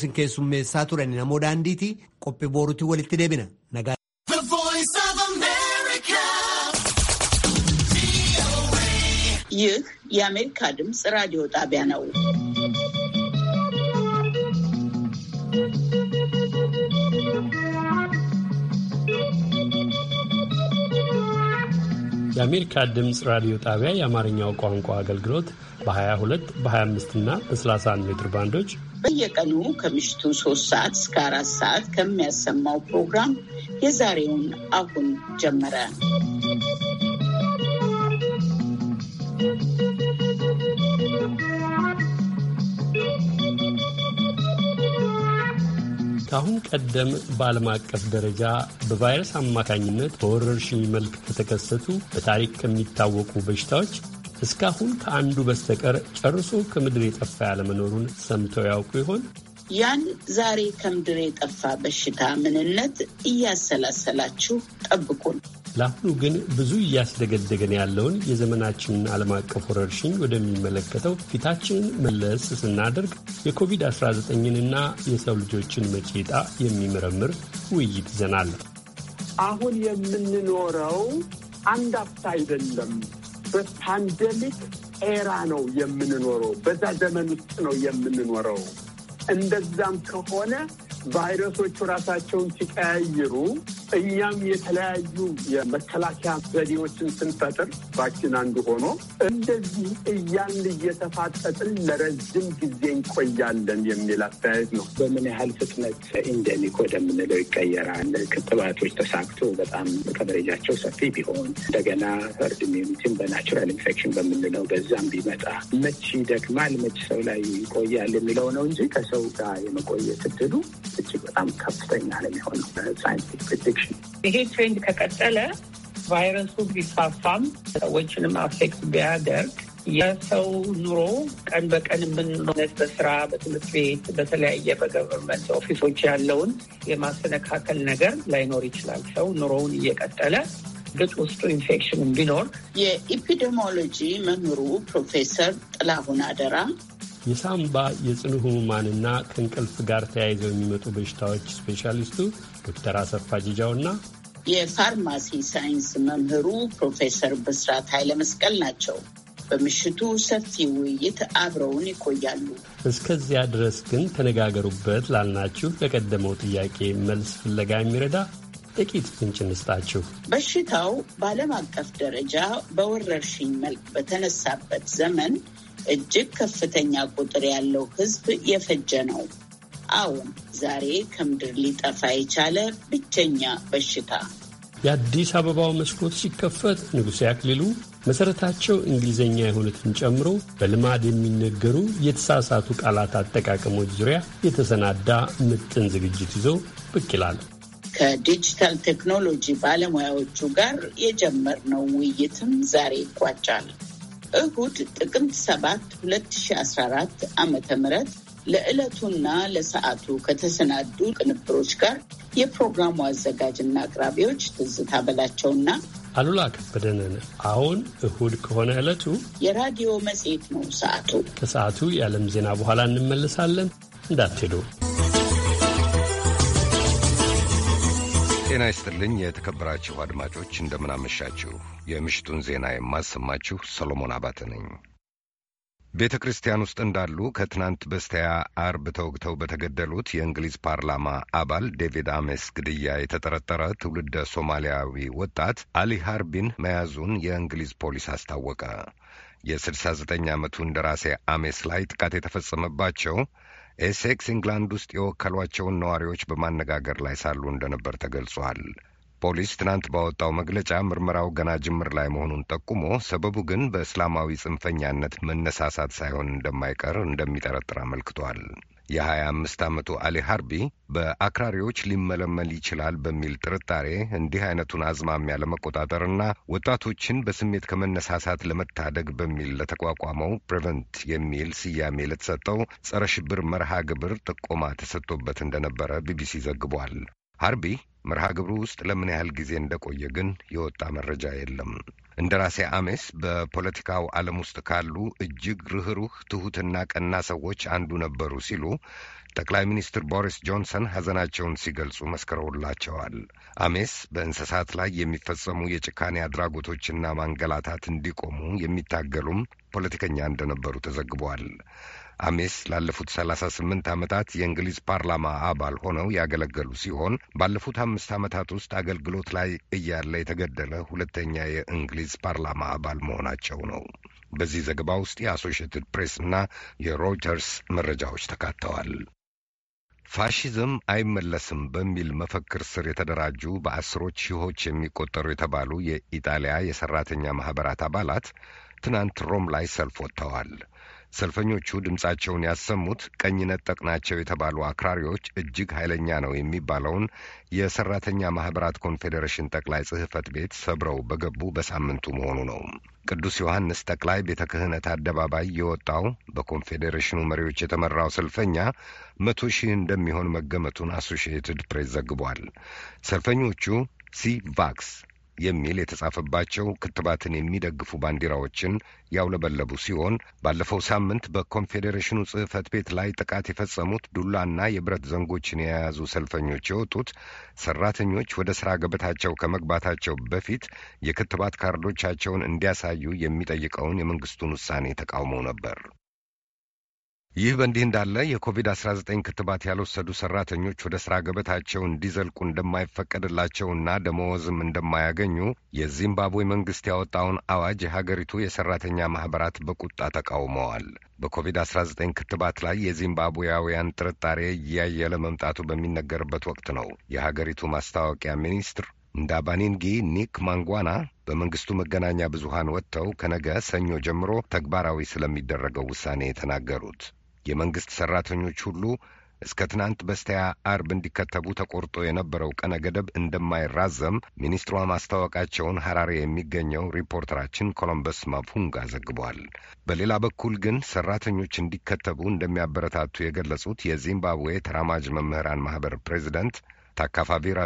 Isin keessummeessaa turan namoota daandiiti qophii boorutti walitti deebina. ይህ የአሜሪካ ድምፅ ራዲዮ ጣቢያ ነው። የአሜሪካ ድምፅ ራዲዮ ጣቢያ የአማርኛው ቋንቋ አገልግሎት በ22 በ25 እና በ31 ሜትር ባንዶች በየቀኑ ከምሽቱ ሶስት ሰዓት እስከ አራት ሰዓት ከሚያሰማው ፕሮግራም የዛሬውን አሁን ጀመረ። ከአሁን ቀደም በዓለም አቀፍ ደረጃ በቫይረስ አማካኝነት በወረርሽኝ መልክ ከተከሰቱ በታሪክ ከሚታወቁ በሽታዎች እስካሁን ከአንዱ በስተቀር ጨርሶ ከምድር የጠፋ ያለመኖሩን ሰምተው ያውቁ ይሆን? ያን ዛሬ ከምድር የጠፋ በሽታ ምንነት እያሰላሰላችሁ ጠብቁን። ለአሁኑ ግን ብዙ እያስደገደገን ያለውን የዘመናችንን ዓለም አቀፍ ወረርሽኝ ወደሚመለከተው ፊታችንን መለስ ስናደርግ የኮቪድ-19ንና የሰው ልጆችን መጪጣ የሚመረምር ውይይት ይዘናል። አሁን የምንኖረው አንድ አፍታ አይደለም። በፓንደሚክ ኤራ ነው የምንኖረው። በዛ ዘመን ውስጥ ነው የምንኖረው። እንደዛም ከሆነ ቫይረሶቹ ራሳቸውን ሲቀያይሩ እኛም የተለያዩ የመከላከያ ዘዴዎችን ስንፈጥር ቫክሲን አንዱ ሆኖ እንደዚህ እያን እየተፋጠጥን ለረጅም ጊዜ እንቆያለን የሚል አስተያየት ነው። በምን ያህል ፍጥነት ኢንደሚክ ወደምንለው ይቀየራል? ክትባቶች ተሳክቶ በጣም ከደረጃቸው ሰፊ ቢሆን እንደገና ሀርድ ኢሚዩኒቲን በናቹራል ኢንፌክሽን በምንለው በዛም ቢመጣ መች ይደክማል፣ መች ሰው ላይ ይቆያል የሚለው ነው እንጂ ከሰው ጋር የመቆየት እድሉ እጅግ በጣም ከፍተኛ ነው የሚሆነው ሳይንቲፊክ ፕሬዲክሽን። ይሄ ትሬንድ ከቀጠለ ቫይረሱ ቢስፋፋም ሰዎችንም አፌክት ቢያደርግ የሰው ኑሮ ቀን በቀን የምንነት በስራ በትምህርት ቤት በተለያየ በገቨርንመንት ኦፊሶች ያለውን የማስተነካከል ነገር ላይኖር ይችላል። ሰው ኑሮውን እየቀጠለ ግጥ ውስጡ ኢንፌክሽን ቢኖር የኢፒዲሞሎጂ መምህሩ ፕሮፌሰር ጥላሁን አደራ የሳምባ የጽኑ ህሙማንና ከእንቅልፍ ጋር ተያይዘው የሚመጡ በሽታዎች ስፔሻሊስቱ ዶክተር አሰፋ ጅጃውና የፋርማሲ ሳይንስ መምህሩ ፕሮፌሰር ብስራት ኃይለ መስቀል ናቸው። በምሽቱ ሰፊ ውይይት አብረውን ይቆያሉ። እስከዚያ ድረስ ግን ተነጋገሩበት ላልናችሁ ለቀደመው ጥያቄ መልስ ፍለጋ የሚረዳ ጥቂት ፍንጭ እንስጣችሁ። በሽታው በዓለም አቀፍ ደረጃ በወረርሽኝ መልክ በተነሳበት ዘመን እጅግ ከፍተኛ ቁጥር ያለው ህዝብ የፈጀ ነው። አሁን ዛሬ ከምድር ሊጠፋ የቻለ ብቸኛ በሽታ። የአዲስ አበባው መስኮት ሲከፈት ንጉሴ አክሊሉ መሠረታቸው እንግሊዝኛ የሆኑትን ጨምሮ በልማድ የሚነገሩ የተሳሳቱ ቃላት አጠቃቀሞች ዙሪያ የተሰናዳ ምጥን ዝግጅት ይዘው ብቅ ይላል። ከዲጂታል ቴክኖሎጂ ባለሙያዎቹ ጋር የጀመርነው ውይይትም ዛሬ ይቋጫል። እሁድ ጥቅምት 7 2014 ዓ ም ለዕለቱና ለሰዓቱ ከተሰናዱ ቅንብሮች ጋር የፕሮግራሙ አዘጋጅና አቅራቢዎች ትዝታ በላቸውና አሉላ ከበደንን። አሁን እሁድ ከሆነ ዕለቱ የራዲዮ መጽሔት ነው። ሰዓቱ ከሰዓቱ የዓለም ዜና በኋላ እንመልሳለን። እንዳትሄዱ። ጤና ይስጥልኝ የተከበራችሁ አድማጮች እንደምናመሻችሁ። የምሽቱን ዜና የማሰማችሁ ሰሎሞን አባተ ነኝ። ቤተ ክርስቲያን ውስጥ እንዳሉ ከትናንት በስቲያ አርብ ተወግተው በተገደሉት የእንግሊዝ ፓርላማ አባል ዴቪድ አሜስ ግድያ የተጠረጠረ ትውልደ ሶማሊያዊ ወጣት አሊ ሃርቢን መያዙን የእንግሊዝ ፖሊስ አስታወቀ። የ69 ዓመቱ እንደራሴ አሜስ ላይ ጥቃት የተፈጸመባቸው ኤሴክስ ኢንግላንድ ውስጥ የወከሏቸውን ነዋሪዎች በማነጋገር ላይ ሳሉ እንደነበር ተገልጿል። ፖሊስ ትናንት ባወጣው መግለጫ ምርመራው ገና ጅምር ላይ መሆኑን ጠቁሞ ሰበቡ ግን በእስላማዊ ጽንፈኛነት መነሳሳት ሳይሆን እንደማይቀር እንደሚጠረጥር አመልክቷል። የ25 ዓመቱ አሊ ሀርቢ በአክራሪዎች ሊመለመል ይችላል በሚል ጥርጣሬ እንዲህ አይነቱን አዝማሚያ ለመቆጣጠርና ወጣቶችን በስሜት ከመነሳሳት ለመታደግ በሚል ለተቋቋመው ፕሬቨንት የሚል ስያሜ ለተሰጠው ጸረ ሽብር መርሃ ግብር ጥቆማ ተሰጥቶበት እንደነበረ ቢቢሲ ዘግቧል። ሀርቢ መርሃ ግብሩ ውስጥ ለምን ያህል ጊዜ እንደቆየ ግን የወጣ መረጃ የለም። እንደራሴ አሜስ በፖለቲካው ዓለም ውስጥ ካሉ እጅግ ርኅሩህ ትሑትና ቀና ሰዎች አንዱ ነበሩ ሲሉ ጠቅላይ ሚኒስትር ቦሪስ ጆንሰን ሐዘናቸውን ሲገልጹ መስክረውላቸዋል። አሜስ በእንስሳት ላይ የሚፈጸሙ የጭካኔ አድራጎቶችና ማንገላታት እንዲቆሙ የሚታገሉም ፖለቲከኛ እንደነበሩ ተዘግቧል። አሜስ ላለፉት 38 ዓመታት የእንግሊዝ ፓርላማ አባል ሆነው ያገለገሉ ሲሆን ባለፉት አምስት ዓመታት ውስጥ አገልግሎት ላይ እያለ የተገደለ ሁለተኛ የእንግሊዝ ፓርላማ አባል መሆናቸው ነው። በዚህ ዘገባ ውስጥ የአሶሽየትድ ፕሬስ እና የሮይተርስ መረጃዎች ተካተዋል። ፋሽዝም አይመለስም በሚል መፈክር ስር የተደራጁ በአስሮች ሺዎች የሚቆጠሩ የተባሉ የኢጣሊያ የሰራተኛ ማኅበራት አባላት ትናንት ሮም ላይ ሰልፍ ወጥተዋል። ሰልፈኞቹ ድምፃቸውን ያሰሙት ቀኝ ነጠቅ ናቸው የተባሉ አክራሪዎች እጅግ ኃይለኛ ነው የሚባለውን የሰራተኛ ማኅበራት ኮንፌዴሬሽን ጠቅላይ ጽህፈት ቤት ሰብረው በገቡ በሳምንቱ መሆኑ ነው። ቅዱስ ዮሐንስ ጠቅላይ ቤተ ክህነት አደባባይ የወጣው በኮንፌዴሬሽኑ መሪዎች የተመራው ሰልፈኛ መቶ ሺህ እንደሚሆን መገመቱን አሶሺየትድ ፕሬስ ዘግቧል። ሰልፈኞቹ ሲ ቫክስ የሚል የተጻፈባቸው ክትባትን የሚደግፉ ባንዲራዎችን ያውለበለቡ ሲሆን ባለፈው ሳምንት በኮንፌዴሬሽኑ ጽሕፈት ቤት ላይ ጥቃት የፈጸሙት ዱላና የብረት ዘንጎችን የያዙ ሰልፈኞች የወጡት ሰራተኞች ወደ ሥራ ገበታቸው ከመግባታቸው በፊት የክትባት ካርዶቻቸውን እንዲያሳዩ የሚጠይቀውን የመንግስቱን ውሳኔ ተቃውመው ነበር። ይህ በእንዲህ እንዳለ የኮቪድ-19 ክትባት ያልወሰዱ ሰራተኞች ወደ ሥራ ገበታቸው እንዲዘልቁ እንደማይፈቀድላቸውና ደመወዝም እንደማያገኙ የዚምባብዌ መንግሥት ያወጣውን አዋጅ የሀገሪቱ የሠራተኛ ማኅበራት በቁጣ ተቃውመዋል። በኮቪድ-19 ክትባት ላይ የዚምባብዌያውያን ጥርጣሬ እያየለ መምጣቱ በሚነገርበት ወቅት ነው የሀገሪቱ ማስታወቂያ ሚኒስትር እንዳባኒንጊ ኒክ ማንጓና በመንግስቱ መገናኛ ብዙሃን ወጥተው ከነገ ሰኞ ጀምሮ ተግባራዊ ስለሚደረገው ውሳኔ የተናገሩት የመንግሥት ሠራተኞች ሁሉ እስከ ትናንት በስቲያ አርብ እንዲከተቡ ተቆርጦ የነበረው ቀነ ገደብ እንደማይራዘም ሚኒስትሯ ማስታወቃቸውን ሐራሬ የሚገኘው ሪፖርተራችን ኮሎምበስ ማፑንጋ ዘግቧል። በሌላ በኩል ግን ሠራተኞች እንዲከተቡ እንደሚያበረታቱ የገለጹት የዚምባብዌ ተራማጅ መምህራን ማኅበር ፕሬዚደንት ታካፋቪራ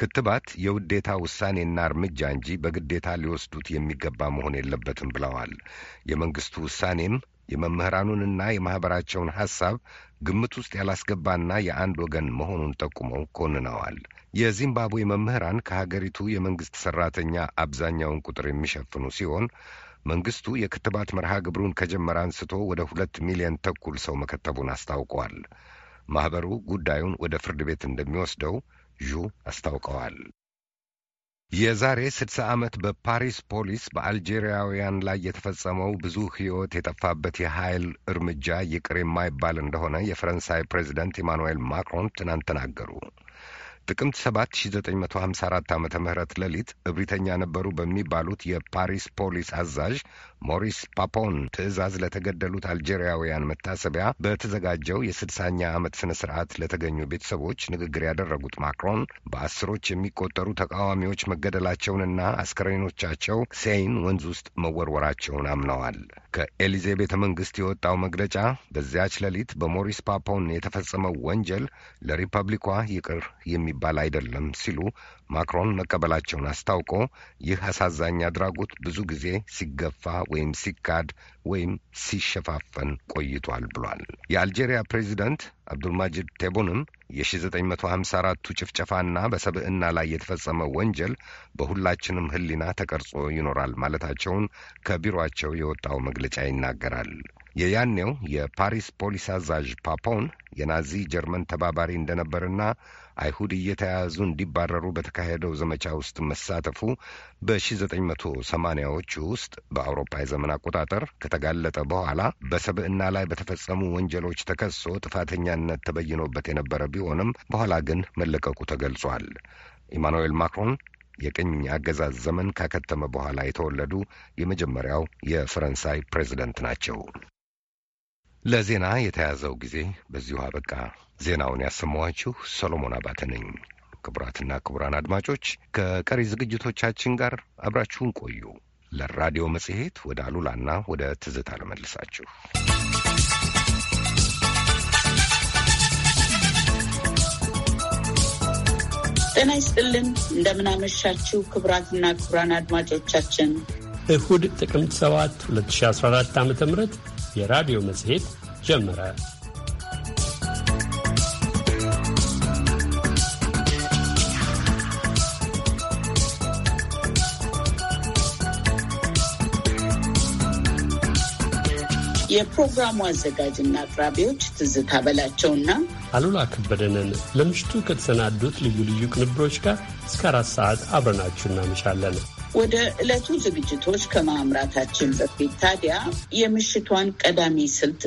ክትባት የውዴታ ውሳኔና እርምጃ እንጂ በግዴታ ሊወስዱት የሚገባ መሆን የለበትም ብለዋል። የመንግሥቱ ውሳኔም የመምህራኑንና የማኅበራቸውን ሐሳብ ግምት ውስጥ ያላስገባና የአንድ ወገን መሆኑን ጠቁመው ኮንነዋል። የዚምባብዌ መምህራን ከሀገሪቱ የመንግሥት ሠራተኛ አብዛኛውን ቁጥር የሚሸፍኑ ሲሆን መንግሥቱ የክትባት መርሃ ግብሩን ከጀመረ አንስቶ ወደ ሁለት ሚሊዮን ተኩል ሰው መከተቡን አስታውቀዋል። ማኅበሩ ጉዳዩን ወደ ፍርድ ቤት እንደሚወስደው ዡ አስታውቀዋል። የዛሬ ስድሳ ዓመት በፓሪስ ፖሊስ በአልጄሪያውያን ላይ የተፈጸመው ብዙ ሕይወት የጠፋበት የኃይል እርምጃ ይቅር የማይባል እንደሆነ የፈረንሳይ ፕሬዚደንት ኢማኑኤል ማክሮን ትናንት ተናገሩ። ጥቅምት 7 1954 ዓ ም ሌሊት እብሪተኛ ነበሩ በሚባሉት የፓሪስ ፖሊስ አዛዥ ሞሪስ ፓፖን ትዕዛዝ ለተገደሉት አልጄሪያውያን መታሰቢያ በተዘጋጀው የስድሳኛ ዓመት ስነ ስርዓት ለተገኙ ቤተሰቦች ንግግር ያደረጉት ማክሮን በአስሮች የሚቆጠሩ ተቃዋሚዎች መገደላቸውንና አስከሬኖቻቸው ሴይን ወንዝ ውስጥ መወርወራቸውን አምነዋል። ከኤሊዜ ቤተ መንግስት የወጣው መግለጫ በዚያች ሌሊት በሞሪስ ፓፖን የተፈጸመው ወንጀል ለሪፐብሊኳ ይቅር የሚባል አይደለም ሲሉ ማክሮን መቀበላቸውን አስታውቆ ይህ አሳዛኝ አድራጎት ብዙ ጊዜ ሲገፋ ወይም ሲካድ ወይም ሲሸፋፈን ቆይቷል ብሏል። የአልጄሪያ ፕሬዚደንት አብዱልማጂድ ቴቡንም የ1954ቱ ጭፍጨፋና በሰብዕና ላይ የተፈጸመ ወንጀል በሁላችንም ሕሊና ተቀርጾ ይኖራል ማለታቸውን ከቢሮአቸው የወጣው መግለጫ ይናገራል። የያኔው የፓሪስ ፖሊስ አዛዥ ፓፖን የናዚ ጀርመን ተባባሪ እንደነበርና አይሁድ እየተያዙ እንዲባረሩ በተካሄደው ዘመቻ ውስጥ መሳተፉ በ 1980 ዎች ውስጥ በአውሮፓ የዘመን አቆጣጠር ከተጋለጠ በኋላ በሰብዕና ላይ በተፈጸሙ ወንጀሎች ተከሶ ጥፋተኛነት ተበይኖበት የነበረ ቢሆንም በኋላ ግን መለቀቁ ተገልጿል። ኢማኑኤል ማክሮን የቅኝ አገዛዝ ዘመን ካከተመ በኋላ የተወለዱ የመጀመሪያው የፈረንሳይ ፕሬዝደንት ናቸው። ለዜና የተያዘው ጊዜ በዚሁ አበቃ። ዜናውን ያሰማኋችሁ ሰሎሞን አባተ ነኝ። ክቡራትና ክቡራን አድማጮች ከቀሪ ዝግጅቶቻችን ጋር አብራችሁን ቆዩ። ለራዲዮ መጽሔት ወደ አሉላና ወደ ትዝታ ለመልሳችሁ። ጤና ይስጥልን። እንደምናመሻችሁ ክቡራትና ክቡራን አድማጮቻችን እሁድ ጥቅምት 7 2014 ዓ ም የራዲዮ መጽሔት ጀመረ። የፕሮግራሙ አዘጋጅና አቅራቢዎች ትዝታ በላቸውና አሉላ ከበደንን ለምሽቱ ከተሰናዱት ልዩ ልዩ ቅንብሮች ጋር እስከ አራት ሰዓት አብረናችሁ እናመሻለን። ወደ ዕለቱ ዝግጅቶች ከማምራታችን በፊት ታዲያ የምሽቷን ቀዳሚ ስልት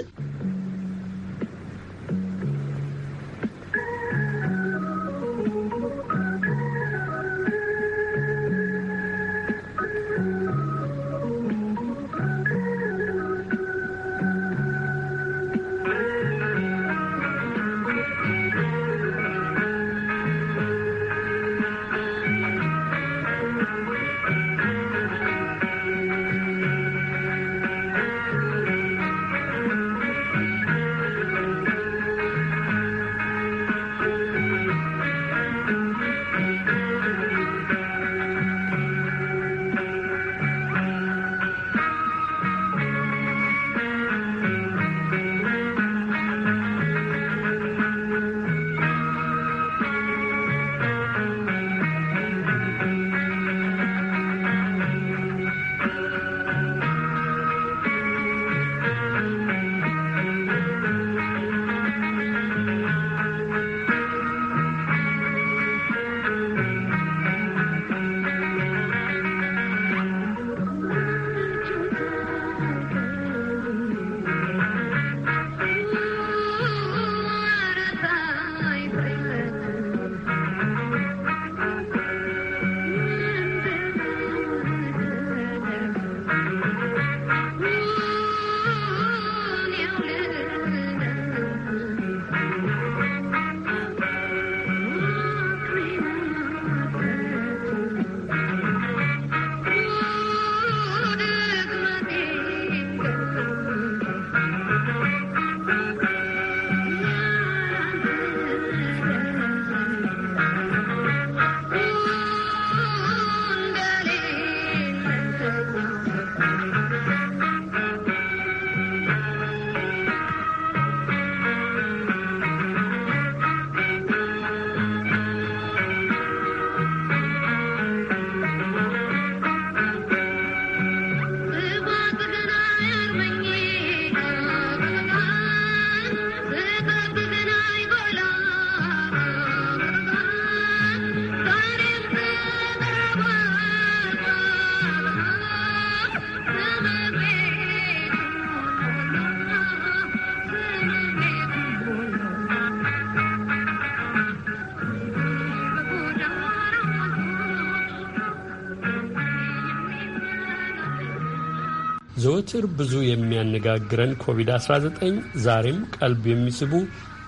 ዘወትር ብዙ የሚያነጋግረን ኮቪድ-19 ዛሬም ቀልብ የሚስቡ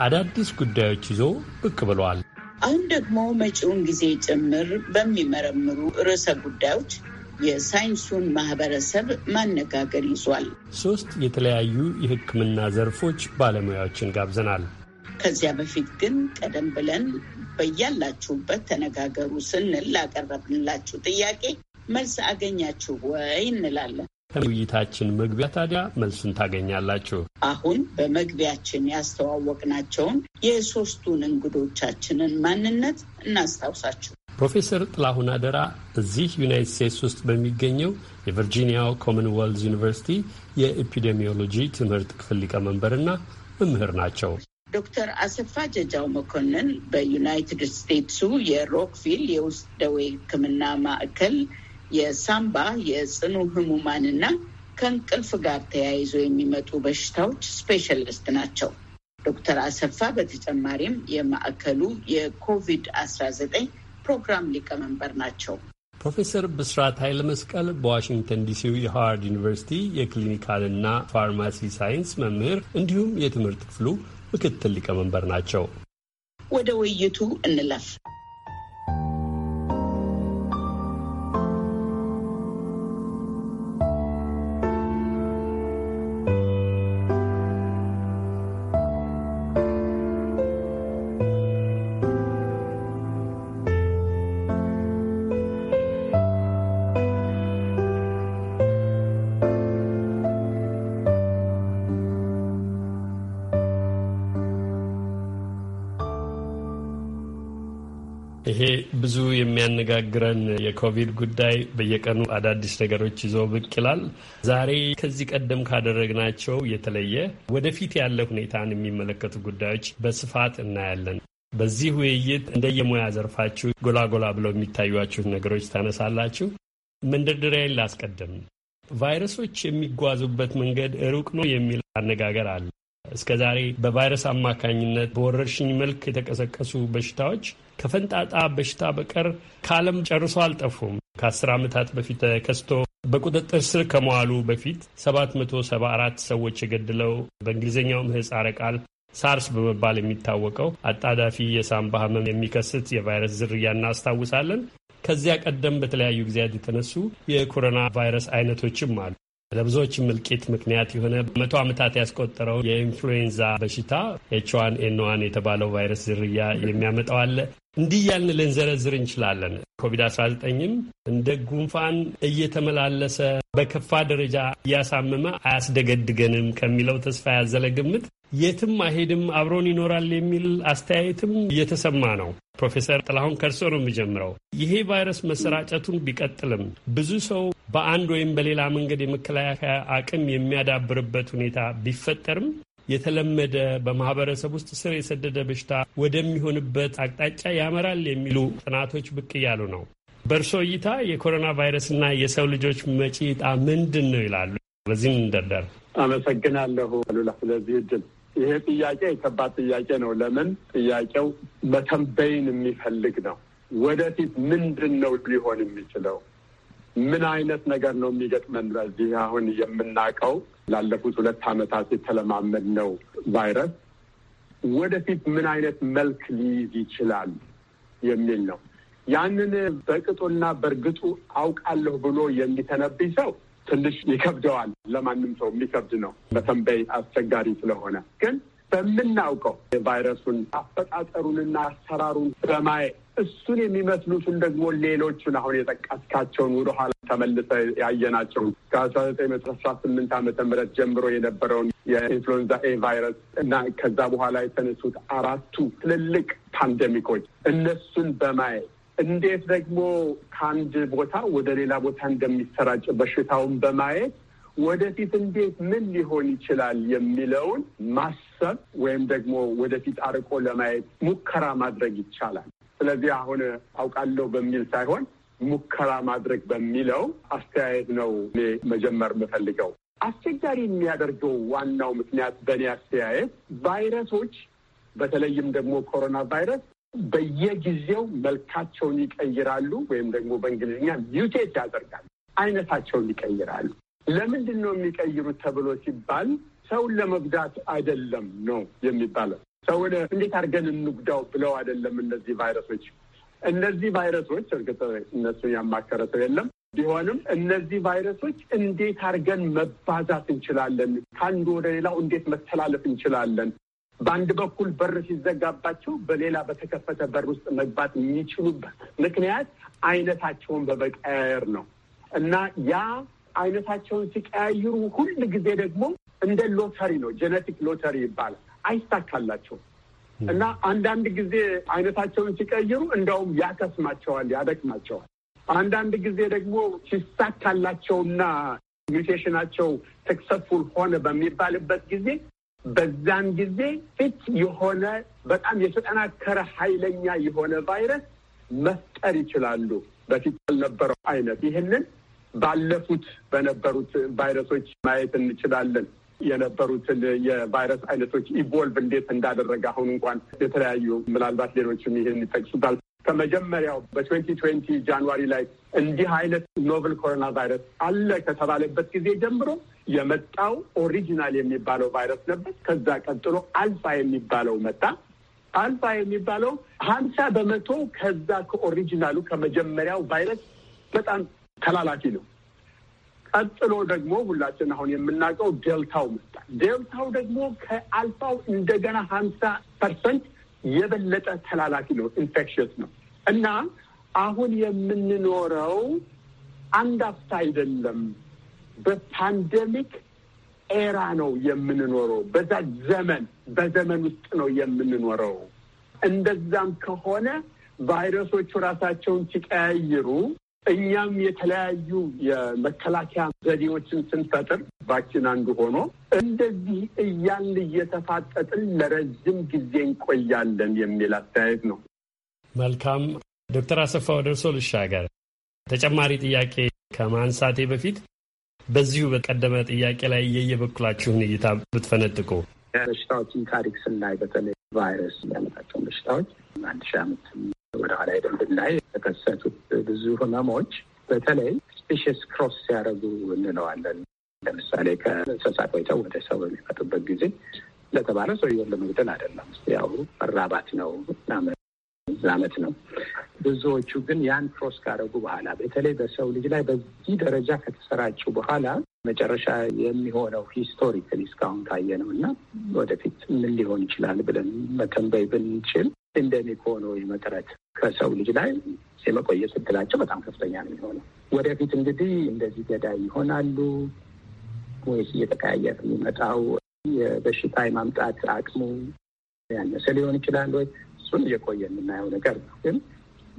አዳዲስ ጉዳዮች ይዞ ብቅ ብሏል። አሁን ደግሞ መጪውን ጊዜ ጭምር በሚመረምሩ ርዕሰ ጉዳዮች የሳይንሱን ማህበረሰብ ማነጋገር ይዟል። ሶስት የተለያዩ የሕክምና ዘርፎች ባለሙያዎችን ጋብዘናል። ከዚያ በፊት ግን ቀደም ብለን በያላችሁበት ተነጋገሩ ስንል ላቀረብንላችሁ ጥያቄ መልስ አገኛችሁ ወይ እንላለን። ከውይይታችን መግቢያ ታዲያ መልሱን ታገኛላችሁ። አሁን በመግቢያችን ያስተዋወቅናቸውን የሶስቱን እንግዶቻችንን ማንነት እናስታውሳችሁ። ፕሮፌሰር ጥላሁን አደራ እዚህ ዩናይት ስቴትስ ውስጥ በሚገኘው የቨርጂኒያው ኮመንዌልዝ ዩኒቨርሲቲ የኤፒዴሚዮሎጂ ትምህርት ክፍል ሊቀመንበርና መምህር ናቸው። ዶክተር አሰፋ ጀጃው መኮንን በዩናይትድ ስቴትሱ የሮክቪል የውስጥ ደዌ ሕክምና ማዕከል የሳምባ የጽኑ ህሙማንና ከእንቅልፍ ጋር ተያይዞ የሚመጡ በሽታዎች ስፔሻሊስት ናቸው። ዶክተር አሰፋ በተጨማሪም የማዕከሉ የኮቪድ 19 ፕሮግራም ሊቀመንበር ናቸው። ፕሮፌሰር ብስራት ኃይለ መስቀል በዋሽንግተን ዲሲው የሃዋርድ ዩኒቨርሲቲ የክሊኒካልና ፋርማሲ ሳይንስ መምህር እንዲሁም የትምህርት ክፍሉ ምክትል ሊቀመንበር ናቸው። ወደ ውይይቱ እንለፍ። ይሄ ብዙ የሚያነጋግረን የኮቪድ ጉዳይ በየቀኑ አዳዲስ ነገሮች ይዞ ብቅ ይላል። ዛሬ ከዚህ ቀደም ካደረግናቸው የተለየ ወደፊት ያለ ሁኔታን የሚመለከቱ ጉዳዮች በስፋት እናያለን። በዚህ ውይይት እንደየሙያ ዘርፋችሁ ጎላጎላ ብለው የሚታዩችሁ ነገሮች ታነሳላችሁ። መንደርደሪያን ላስቀድም። ቫይረሶች የሚጓዙበት መንገድ ሩቅ ነው የሚል አነጋገር አለ። እስከዛሬ በቫይረስ አማካኝነት በወረርሽኝ መልክ የተቀሰቀሱ በሽታዎች ከፈንጣጣ በሽታ በቀር ከዓለም ጨርሶ አልጠፉም። ከአስር ዓመታት በፊት ተከስቶ በቁጥጥር ስር ከመዋሉ በፊት 774 ሰዎች የገድለው በእንግሊዝኛው ምህፃረ ቃል ሳርስ በመባል የሚታወቀው አጣዳፊ የሳምባ ህመም የሚከስት የቫይረስ ዝርያ እናስታውሳለን። ከዚያ ቀደም በተለያዩ ጊዜያት የተነሱ የኮሮና ቫይረስ አይነቶችም አሉ። ለብዙዎችም ምልቂት ምክንያት የሆነ መቶ ዓመታት ያስቆጠረው የኢንፍሉዌንዛ በሽታ ኤች ዋን ኤን ዋን የተባለው ቫይረስ ዝርያ የሚያመጣው አለ። እንዲህ ያልን ልንዘረዝር እንችላለን። ኮቪድ-19ም እንደ ጉንፋን እየተመላለሰ በከፋ ደረጃ እያሳመመ አያስደገድገንም ከሚለው ተስፋ ያዘለ ግምት የትም አይሄድም አብሮን ይኖራል የሚል አስተያየትም እየተሰማ ነው። ፕሮፌሰር ጥላሁን ከርሶ ነው የሚጀምረው። ይሄ ቫይረስ መሰራጨቱን ቢቀጥልም ብዙ ሰው በአንድ ወይም በሌላ መንገድ የመከላከያ አቅም የሚያዳብርበት ሁኔታ ቢፈጠርም የተለመደ በማህበረሰብ ውስጥ ስር የሰደደ በሽታ ወደሚሆንበት አቅጣጫ ያመራል የሚሉ ጥናቶች ብቅ እያሉ ነው። በእርሶ እይታ የኮሮና ቫይረስና የሰው ልጆች መጪ ዕጣ ምንድን ነው ይላሉ? በዚህም እንደርደር። አመሰግናለሁ አሉላ ስለዚህ እድል ይሄ ጥያቄ የከባድ ጥያቄ ነው። ለምን ጥያቄው መተንበይን የሚፈልግ ነው። ወደፊት ምንድን ነው ሊሆን የሚችለው? ምን አይነት ነገር ነው የሚገጥመን? በዚህ አሁን የምናውቀው ላለፉት ሁለት ዓመታት የተለማመድ ነው ቫይረስ ወደፊት ምን አይነት መልክ ሊይዝ ይችላል የሚል ነው። ያንን በቅጡና በእርግጡ አውቃለሁ ብሎ የሚተነብይ ሰው ትንሽ ይከብደዋል። ለማንም ሰው የሚከብድ ነው፣ በተንበይ አስቸጋሪ ስለሆነ ግን በምናውቀው የቫይረሱን አፈጣጠሩንና አሰራሩን በማየት እሱን የሚመስሉትን ደግሞ ሌሎቹን አሁን የጠቀስካቸውን ወደኋላ ተመልሰ ያየናቸውን ከአስራ ዘጠኝ መቶ አስራ ስምንት ዓመተ ምህረት ጀምሮ የነበረውን የኢንፍሉዌንዛ ኤ ቫይረስ እና ከዛ በኋላ የተነሱት አራቱ ትልልቅ ፓንደሚኮች እነሱን በማየት እንዴት ደግሞ ከአንድ ቦታ ወደ ሌላ ቦታ እንደሚሰራጭ በሽታውን በማየት ወደፊት እንዴት ምን ሊሆን ይችላል የሚለውን ማሰብ ወይም ደግሞ ወደፊት አርቆ ለማየት ሙከራ ማድረግ ይቻላል። ስለዚህ አሁን አውቃለሁ በሚል ሳይሆን ሙከራ ማድረግ በሚለው አስተያየት ነው እኔ መጀመር የምፈልገው። አስቸጋሪ የሚያደርገው ዋናው ምክንያት በእኔ አስተያየት ቫይረሶች፣ በተለይም ደግሞ ኮሮና ቫይረስ በየጊዜው መልካቸውን ይቀይራሉ ወይም ደግሞ በእንግሊዝኛ ሚውቴት ያደርጋሉ፣ አይነታቸውን ይቀይራሉ። ለምንድን ነው የሚቀይሩት ተብሎ ሲባል ሰውን ለመጉዳት አይደለም ነው የሚባለው። ሰውን እንዴት አድርገን እንጉዳው ብለው አይደለም እነዚህ ቫይረሶች እነዚህ ቫይረሶች እርግጥ እነሱን ያማከረ ሰው የለም። ቢሆንም እነዚህ ቫይረሶች እንዴት አድርገን መባዛት እንችላለን፣ ከአንዱ ወደ ሌላው እንዴት መተላለፍ እንችላለን በአንድ በኩል በር ሲዘጋባቸው በሌላ በተከፈተ በር ውስጥ መግባት የሚችሉበት ምክንያት አይነታቸውን በመቀያየር ነው እና ያ አይነታቸውን ሲቀያይሩ ሁል ጊዜ ደግሞ እንደ ሎተሪ ነው፣ ጄኔቲክ ሎተሪ ይባላል። አይሳካላቸውም እና አንዳንድ ጊዜ አይነታቸውን ሲቀይሩ እንደውም ያከስማቸዋል፣ ያደክማቸዋል። አንዳንድ ጊዜ ደግሞ ሲሳካላቸውና ሚውቴሽናቸው ሰክሰስፉል ሆነ በሚባልበት ጊዜ በዛን ጊዜ ፊት የሆነ በጣም የተጠናከረ ኃይለኛ የሆነ ቫይረስ መፍጠር ይችላሉ። በፊት ያልነበረው አይነት ይህንን ባለፉት በነበሩት ቫይረሶች ማየት እንችላለን። የነበሩትን የቫይረስ አይነቶች ኢቮልቭ እንዴት እንዳደረገ አሁን እንኳን የተለያዩ ምናልባት ሌሎችም ይህን ይጠቅሱታል። ከመጀመሪያው በትዌንቲ ትዌንቲ ጃንዋሪ ላይ እንዲህ አይነት ኖቨል ኮሮና ቫይረስ አለ ከተባለበት ጊዜ ጀምሮ የመጣው ኦሪጂናል የሚባለው ቫይረስ ነበር። ከዛ ቀጥሎ አልፋ የሚባለው መጣ። አልፋ የሚባለው ሀምሳ በመቶ ከዛ ከኦሪጂናሉ ከመጀመሪያው ቫይረስ በጣም ተላላፊ ነው። ቀጥሎ ደግሞ ሁላችን አሁን የምናውቀው ዴልታው መጣ። ዴልታው ደግሞ ከአልፋው እንደገና ሀምሳ ፐርሰንት የበለጠ ተላላፊ ነው፣ ኢንፌክሽስ ነው እና አሁን የምንኖረው አንድ አፍታ አይደለም። በፓንደሚክ ኤራ ነው የምንኖረው። በዛ ዘመን በዘመን ውስጥ ነው የምንኖረው። እንደዛም ከሆነ ቫይረሶቹ ራሳቸውን ሲቀያይሩ እኛም የተለያዩ የመከላከያ ዘዴዎችን ስንፈጥር ቫክሲን አንዱ ሆኖ እንደዚህ እያል እየተፋጠጥን ለረጅም ጊዜ እንቆያለን የሚል አስተያየት ነው። መልካም ዶክተር አሰፋ ወደ እርሶ ልሻገር። ተጨማሪ ጥያቄ ከማንሳቴ በፊት በዚሁ በቀደመ ጥያቄ ላይ የየበኩላችሁን እይታ ብትፈነጥቁ። በሽታዎችን ታሪክ ስናይ በተለይ ቫይረስ የሚያመጣቸውን በሽታዎች አንድ ሺህ ዓመት ወደኋላ ሄደን ብናይ የተከሰቱት ብዙ ህመሞች በተለይ ስፔሽስ ክሮስ ሲያደርጉ እንለዋለን። ለምሳሌ ከእንስሳ ቆይተው ወደ ሰው በሚመጡበት ጊዜ ለተባለ ሰውየውን ለመግደል አይደለም፣ ያው መራባት ነው፣ ዛመት ነው። ብዙዎቹ ግን ያን ክሮስ ካደረጉ በኋላ በተለይ በሰው ልጅ ላይ በዚህ ደረጃ ከተሰራጩ በኋላ መጨረሻ የሚሆነው ሂስቶሪካሊ እስካሁን ካየ ነው እና ወደፊት ምን ሊሆን ይችላል ብለን መተንበይ ብንችል እንደ ኒኮኖ ከሰው ልጅ ላይ የመቆየት እድላቸው በጣም ከፍተኛ ነው የሚሆነው። ወደፊት እንግዲህ እንደዚህ ገዳይ ይሆናሉ ወይስ እየተቀያየር የሚመጣው የበሽታ የማምጣት አቅሙ ያነሰ ሊሆን ይችላል ወይ? እሱን እየቆየ የምናየው ነገር ነው ግን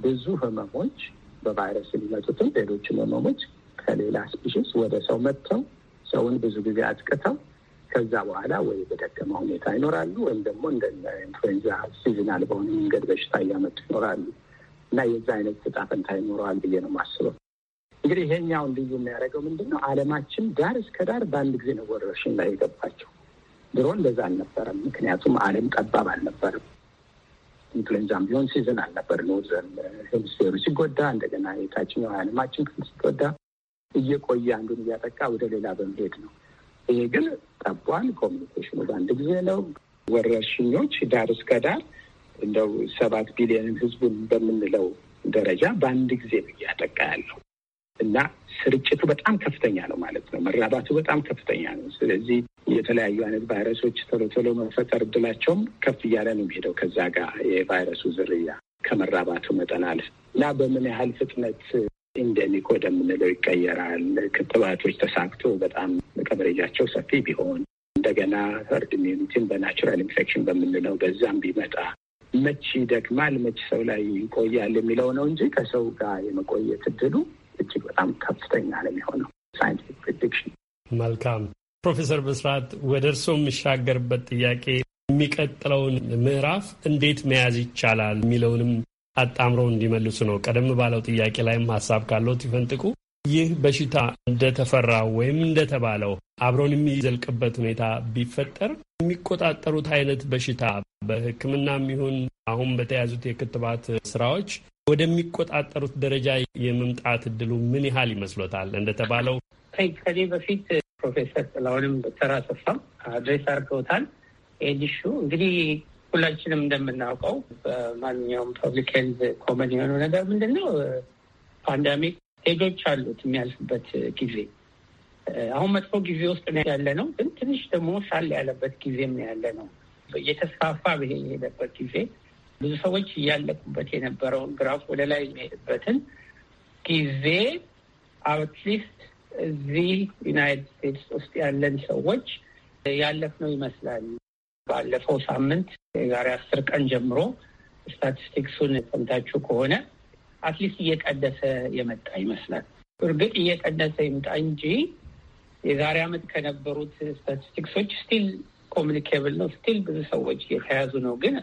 ብዙ ህመሞች በቫይረስ የሚመጡትም ሌሎችም ህመሞች ከሌላ ስፒሽስ ወደ ሰው መጥተው ሰውን ብዙ ጊዜ አጥቅተው ከዛ በኋላ ወይ በደከመ ሁኔታ ይኖራሉ ወይም ደግሞ እንደ ኢንፍሉዌንዛ ሲዝናል በሆነ መንገድ በሽታ እያመጡ ይኖራሉ እና የዛ አይነት ዕጣ ፈንታ ይኖረዋል ብዬ ነው የማስበው። እንግዲህ ይሄኛውን ልዩ የሚያደርገው ምንድን ነው? ዓለማችን ዳር እስከ ዳር በአንድ ጊዜ ነው ወረርሽኝ ላይ የገባቸው። ድሮ እንደዛ አልነበረም። ምክንያቱም ዓለም ጠባብ አልነበረም። ኢንፍሉዌንዛም ቢሆን ሲዝናል ነበር። ኖርዘርን ሄሚስፌሩ ሲጎዳ እንደገና የታችኛው ዓለማችን ክፍል ሲጎዳ እየቆየ አንዱን እያጠቃ ወደ ሌላ በመሄድ ነው። ይሄ ግን ጠቧል። ኮሚኒኬሽኑ በአንድ ጊዜ ነው። ወረርሽኞች ዳር እስከ ዳር እንደው ሰባት ቢሊዮንን ህዝቡን በምንለው ደረጃ በአንድ ጊዜ ነው እያጠቃ ያለው እና ስርጭቱ በጣም ከፍተኛ ነው ማለት ነው። መራባቱ በጣም ከፍተኛ ነው። ስለዚህ የተለያዩ አይነት ቫይረሶች ቶሎ ቶሎ መፈጠር እድላቸውም ከፍ እያለ ነው የሚሄደው ከዛ ጋር የቫይረሱ ዝርያ ከመራባቱ መጠን አለ እና በምን ያህል ፍጥነት ኢንደሚክ ወደምንለው ይቀየራል። ክትባቶች ተሳክቶ በጣም ቀበሬጃቸው ሰፊ ቢሆን እንደገና ሄርድ ኢሚዩኒቲን በናቹራል ኢንፌክሽን በምንለው በዛም ቢመጣ መች ይደክማል፣ መች ሰው ላይ ይቆያል የሚለው ነው እንጂ ከሰው ጋር የመቆየት እድሉ እጅግ በጣም ከፍተኛ ነው የሚሆነው ሳይንቲፊክ ፕሬዲክሽን። መልካም ፕሮፌሰር ብስራት ወደ እርስዎ የምሻገርበት ጥያቄ የሚቀጥለውን ምዕራፍ እንዴት መያዝ ይቻላል የሚለውንም አጣምረው እንዲመልሱ ነው። ቀደም ባለው ጥያቄ ላይም ሀሳብ ካለዎት ይፈንጥቁ። ይህ በሽታ እንደተፈራው ወይም እንደተባለው አብረውን የሚዘልቅበት ሁኔታ ቢፈጠር የሚቆጣጠሩት አይነት በሽታ በሕክምና ይሁን አሁን በተያዙት የክትባት ስራዎች ወደሚቆጣጠሩት ደረጃ የመምጣት እድሉ ምን ያህል ይመስሎታል? እንደተባለው ከዚህ በፊት ፕሮፌሰር ጥላሁንም ዶክተር አሰፋም አድሬስ አድርገውታል። ይህን ኢሹ እንግዲህ ሁላችንም እንደምናውቀው በማንኛውም ፐብሊክ ሄልዝ ኮመን የሆነው ነገር ምንድን ነው? ፓንዳሚክ ሄጆች አሉት የሚያልፍበት ጊዜ። አሁን መጥፎ ጊዜ ውስጥ ነው ያለ ነው፣ ግን ትንሽ ደግሞ ሳል ያለበት ጊዜም ያለ ነው። እየተስፋፋ የሄደበት ጊዜ ብዙ ሰዎች እያለቁበት የነበረውን ግራፍ ወደ ላይ የሚሄድበትን ጊዜ አትሊስት እዚህ ዩናይትድ ስቴትስ ውስጥ ያለን ሰዎች ያለፍነው ይመስላል። ባለፈው ሳምንት የዛሬ አስር ቀን ጀምሮ ስታቲስቲክሱን ሰምታችሁ ከሆነ አትሊስት እየቀነሰ የመጣ ይመስላል። እርግጥ እየቀነሰ ይምጣ እንጂ የዛሬ ዓመት ከነበሩት ስታቲስቲክሶች ስቲል ኮሚኒኬብል ነው። ስቲል ብዙ ሰዎች የተያዙ ነው። ግን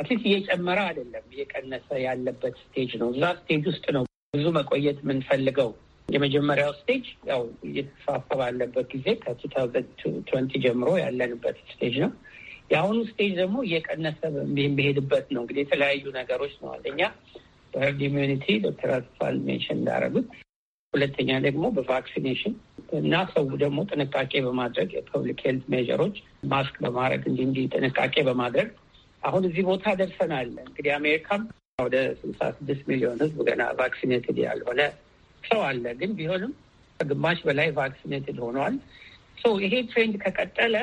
አትሊስት እየጨመረ አይደለም እየቀነሰ ያለበት ስቴጅ ነው። እዛ ስቴጅ ውስጥ ነው ብዙ መቆየት የምንፈልገው። የመጀመሪያው ስቴጅ ያው እየተስፋፋ ባለበት ጊዜ ከቱ ታውዘንድ ጀምሮ ያለንበት ስቴጅ ነው። የአሁኑ ስቴጅ ደግሞ እየቀነሰ የሚሄድበት ነው። እንግዲህ የተለያዩ ነገሮች ነው። አንደኛ በህርድ ኢሚዩኒቲ ዶክተር አስፋል ሜንሽን እንዳደረጉት፣ ሁለተኛ ደግሞ በቫክሲኔሽን እና ሰው ደግሞ ጥንቃቄ በማድረግ የፐብሊክ ሄልት ሜዥሮች ማስክ በማድረግ እንዲህ እንዲህ ጥንቃቄ በማድረግ አሁን እዚህ ቦታ ደርሰናል። እንግዲህ አሜሪካም ወደ ስልሳ ስድስት ሚሊዮን ህዝብ ገና ቫክሲኔትድ ያልሆነ ሰው አለ። ግን ቢሆንም ከግማሽ በላይ ቫክሲኔትድ ሆኗል። ይሄ ትሬንድ ከቀጠለ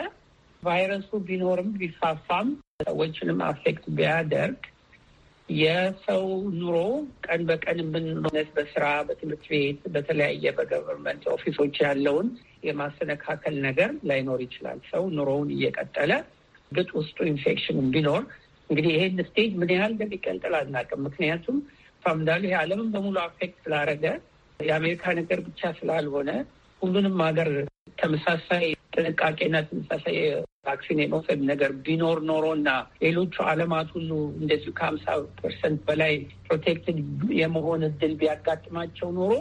ቫይረሱ ቢኖርም ቢፋፋም ሰዎችንም አፌክት ቢያደርግ የሰው ኑሮ ቀን በቀን የምንነት በስራ በትምህርት ቤት በተለያየ በገቨርንመንት ኦፊሶች ያለውን የማስተነካከል ነገር ላይኖር ይችላል። ሰው ኑሮውን እየቀጠለ ግጥ ውስጡ ኢንፌክሽን ቢኖር እንግዲህ ይሄን ስቴጅ ምን ያህል እንደሚቀጥል አናውቅም። ምክንያቱም ፋምዳሉ የዓለምን በሙሉ አፌክት ስላደረገ የአሜሪካ ነገር ብቻ ስላልሆነ ሁሉንም ሀገር ተመሳሳይ ጥንቃቄና ተመሳሳይ ቫክሲን የመውሰድ ነገር ቢኖር ኖሮ እና ሌሎቹ ዓለማት ሁሉ እንደዚሁ ከሀምሳ ፐርሰንት በላይ ፕሮቴክትድ የመሆን እድል ቢያጋጥማቸው ኖሮ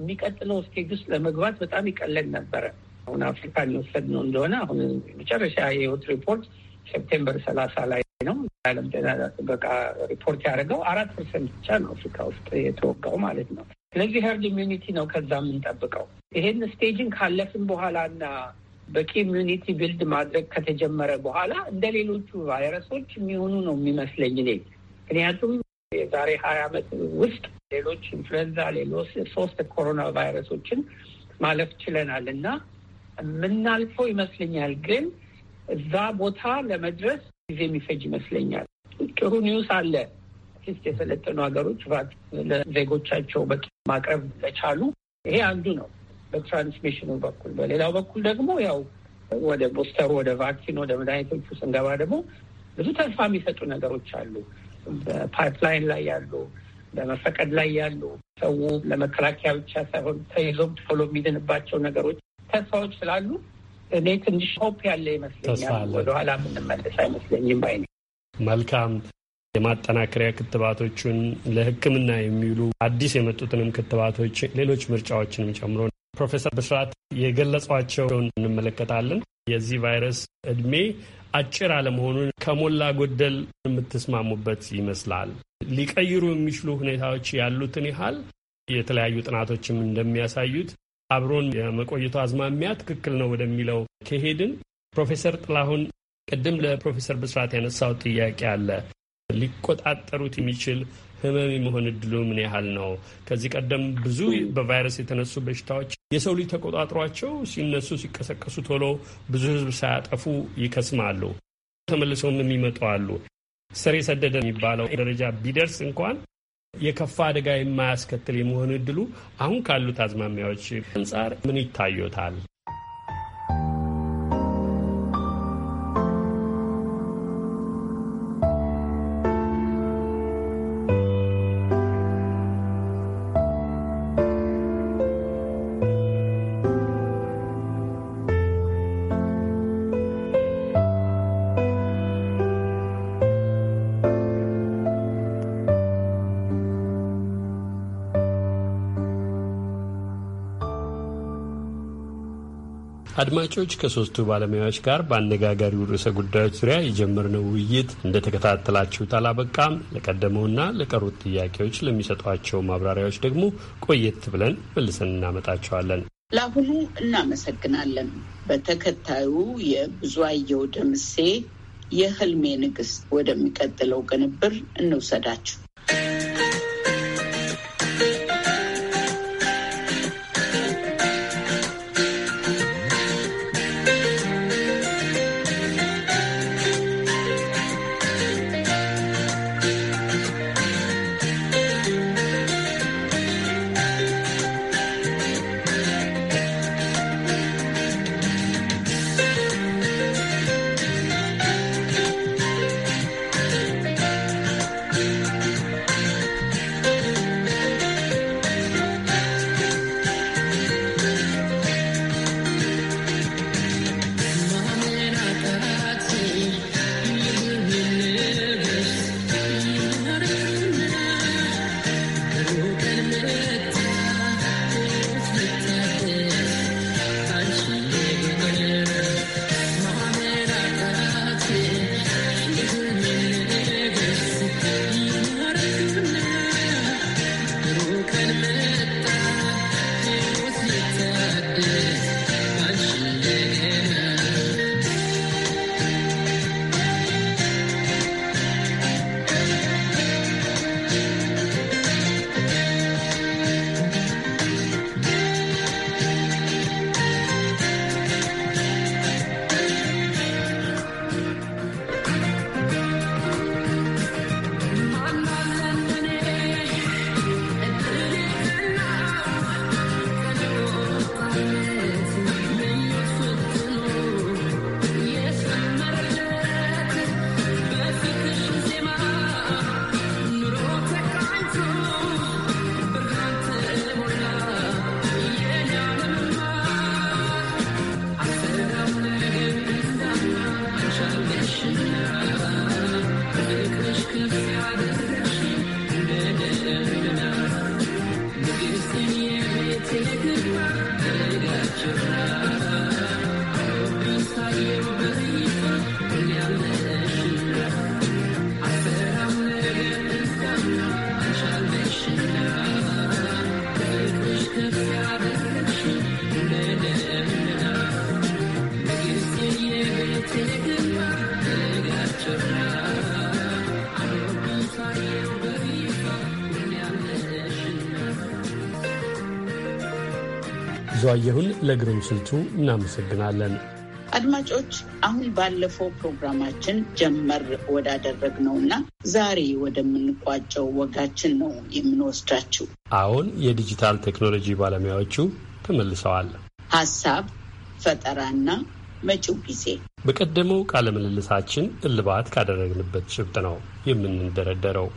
የሚቀጥለው ስቴጅ ውስጥ ለመግባት በጣም ይቀለል ነበረ። አሁን አፍሪካን የወሰድ ነው እንደሆነ አሁን መጨረሻ የህይወት ሪፖርት ሴፕቴምበር ሰላሳ ላይ ነው የዓለም ጤና ጥበቃ ሪፖርት ያደረገው አራት ፐርሰንት ብቻ ነው አፍሪካ ውስጥ የተወጋው ማለት ነው። ስለዚህ ሄርድ ኢሚዩኒቲ ነው ከዛ የምንጠብቀው። ይሄን ስቴጅን ካለፍን በኋላ እና በቂ ኢሚዩኒቲ ቢልድ ማድረግ ከተጀመረ በኋላ እንደ ሌሎቹ ቫይረሶች የሚሆኑ ነው የሚመስለኝ እኔ ምክንያቱም የዛሬ ሀያ ዓመት ውስጥ ሌሎች ኢንፍሉዌንዛ፣ ሌሎች ሶስት ኮሮና ቫይረሶችን ማለፍ ችለናል እና የምናልፈው ይመስለኛል። ግን እዛ ቦታ ለመድረስ ጊዜ የሚፈጅ ይመስለኛል። ጥሩ ኒውስ አለ። ስ የሰለጠኑ ሀገሮች ለዜጎቻቸው በቂ ማቅረብ ለቻሉ ይሄ አንዱ ነው በትራንስሚሽኑ በኩል። በሌላው በኩል ደግሞ ያው ወደ ቦስተሩ፣ ወደ ቫክሲን፣ ወደ መድኃኒቶቹ ስንገባ ደግሞ ብዙ ተስፋ የሚሰጡ ነገሮች አሉ። በፓይፕላይን ላይ ያሉ፣ በመፈቀድ ላይ ያሉ ሰው ለመከላከያ ብቻ ሳይሆን ተይዞም ቶሎ የሚድንባቸው ነገሮች ተስፋዎች ስላሉ እኔ ትንሽ ሆፕ ያለ ይመስለኛል። ወደኋላ የምንመለስ አይመስለኝም ባይ መልካም የማጠናከሪያ ክትባቶቹን ለሕክምና የሚውሉ አዲስ የመጡትንም ክትባቶች፣ ሌሎች ምርጫዎችንም ጨምሮ ፕሮፌሰር ብስራት የገለጿቸውን እንመለከታለን። የዚህ ቫይረስ እድሜ አጭር አለመሆኑን ከሞላ ጎደል የምትስማሙበት ይመስላል። ሊቀይሩ የሚችሉ ሁኔታዎች ያሉትን ያህል የተለያዩ ጥናቶችም እንደሚያሳዩት አብሮን የመቆየቱ አዝማሚያ ትክክል ነው ወደሚለው ከሄድን ፕሮፌሰር ጥላሁን ቅድም ለፕሮፌሰር ብስራት ያነሳው ጥያቄ አለ። ሊቆጣጠሩት የሚችል ህመም የመሆን እድሉ ምን ያህል ነው? ከዚህ ቀደም ብዙ በቫይረስ የተነሱ በሽታዎች የሰው ልጅ ተቆጣጥሯቸው ሲነሱ ሲቀሰቀሱ ቶሎ ብዙ ህዝብ ሳያጠፉ ይከስማሉ። ተመልሰውም የሚመጡ አሉ። ስር የሰደደ የሚባለው ደረጃ ቢደርስ እንኳን የከፋ አደጋ የማያስከትል የመሆን እድሉ አሁን ካሉት አዝማሚያዎች አንጻር ምን ይታዩታል? አድማጮች ከሶስቱ ባለሙያዎች ጋር በአነጋጋሪው ርዕሰ ጉዳዮች ዙሪያ የጀመርነው ውይይት እንደተከታተላችሁት አላበቃም። ለቀደመውና ለቀሩት ጥያቄዎች ለሚሰጧቸው ማብራሪያዎች ደግሞ ቆየት ብለን መልሰን እናመጣቸዋለን። ለአሁኑ እናመሰግናለን። በተከታዩ የብዙአየሁ ደምሴ የህልሜ ንግስት ወደሚቀጥለው ቅንብር እንውሰዳችሁ። ዋየሁን ለግሩም ስልቱ እናመሰግናለን። አድማጮች አሁን ባለፈው ፕሮግራማችን ጀመር ወዳደረግ ወዳደረግነውና ዛሬ ወደምንቋጨው ወጋችን ነው የምንወስዳችው። አሁን የዲጂታል ቴክኖሎጂ ባለሙያዎቹ ተመልሰዋል። ሀሳብ ፈጠራና መጪው ጊዜ በቀደመው ቃለ ምልልሳችን እልባት ካደረግንበት ጭብጥ ነው የምንደረደረው።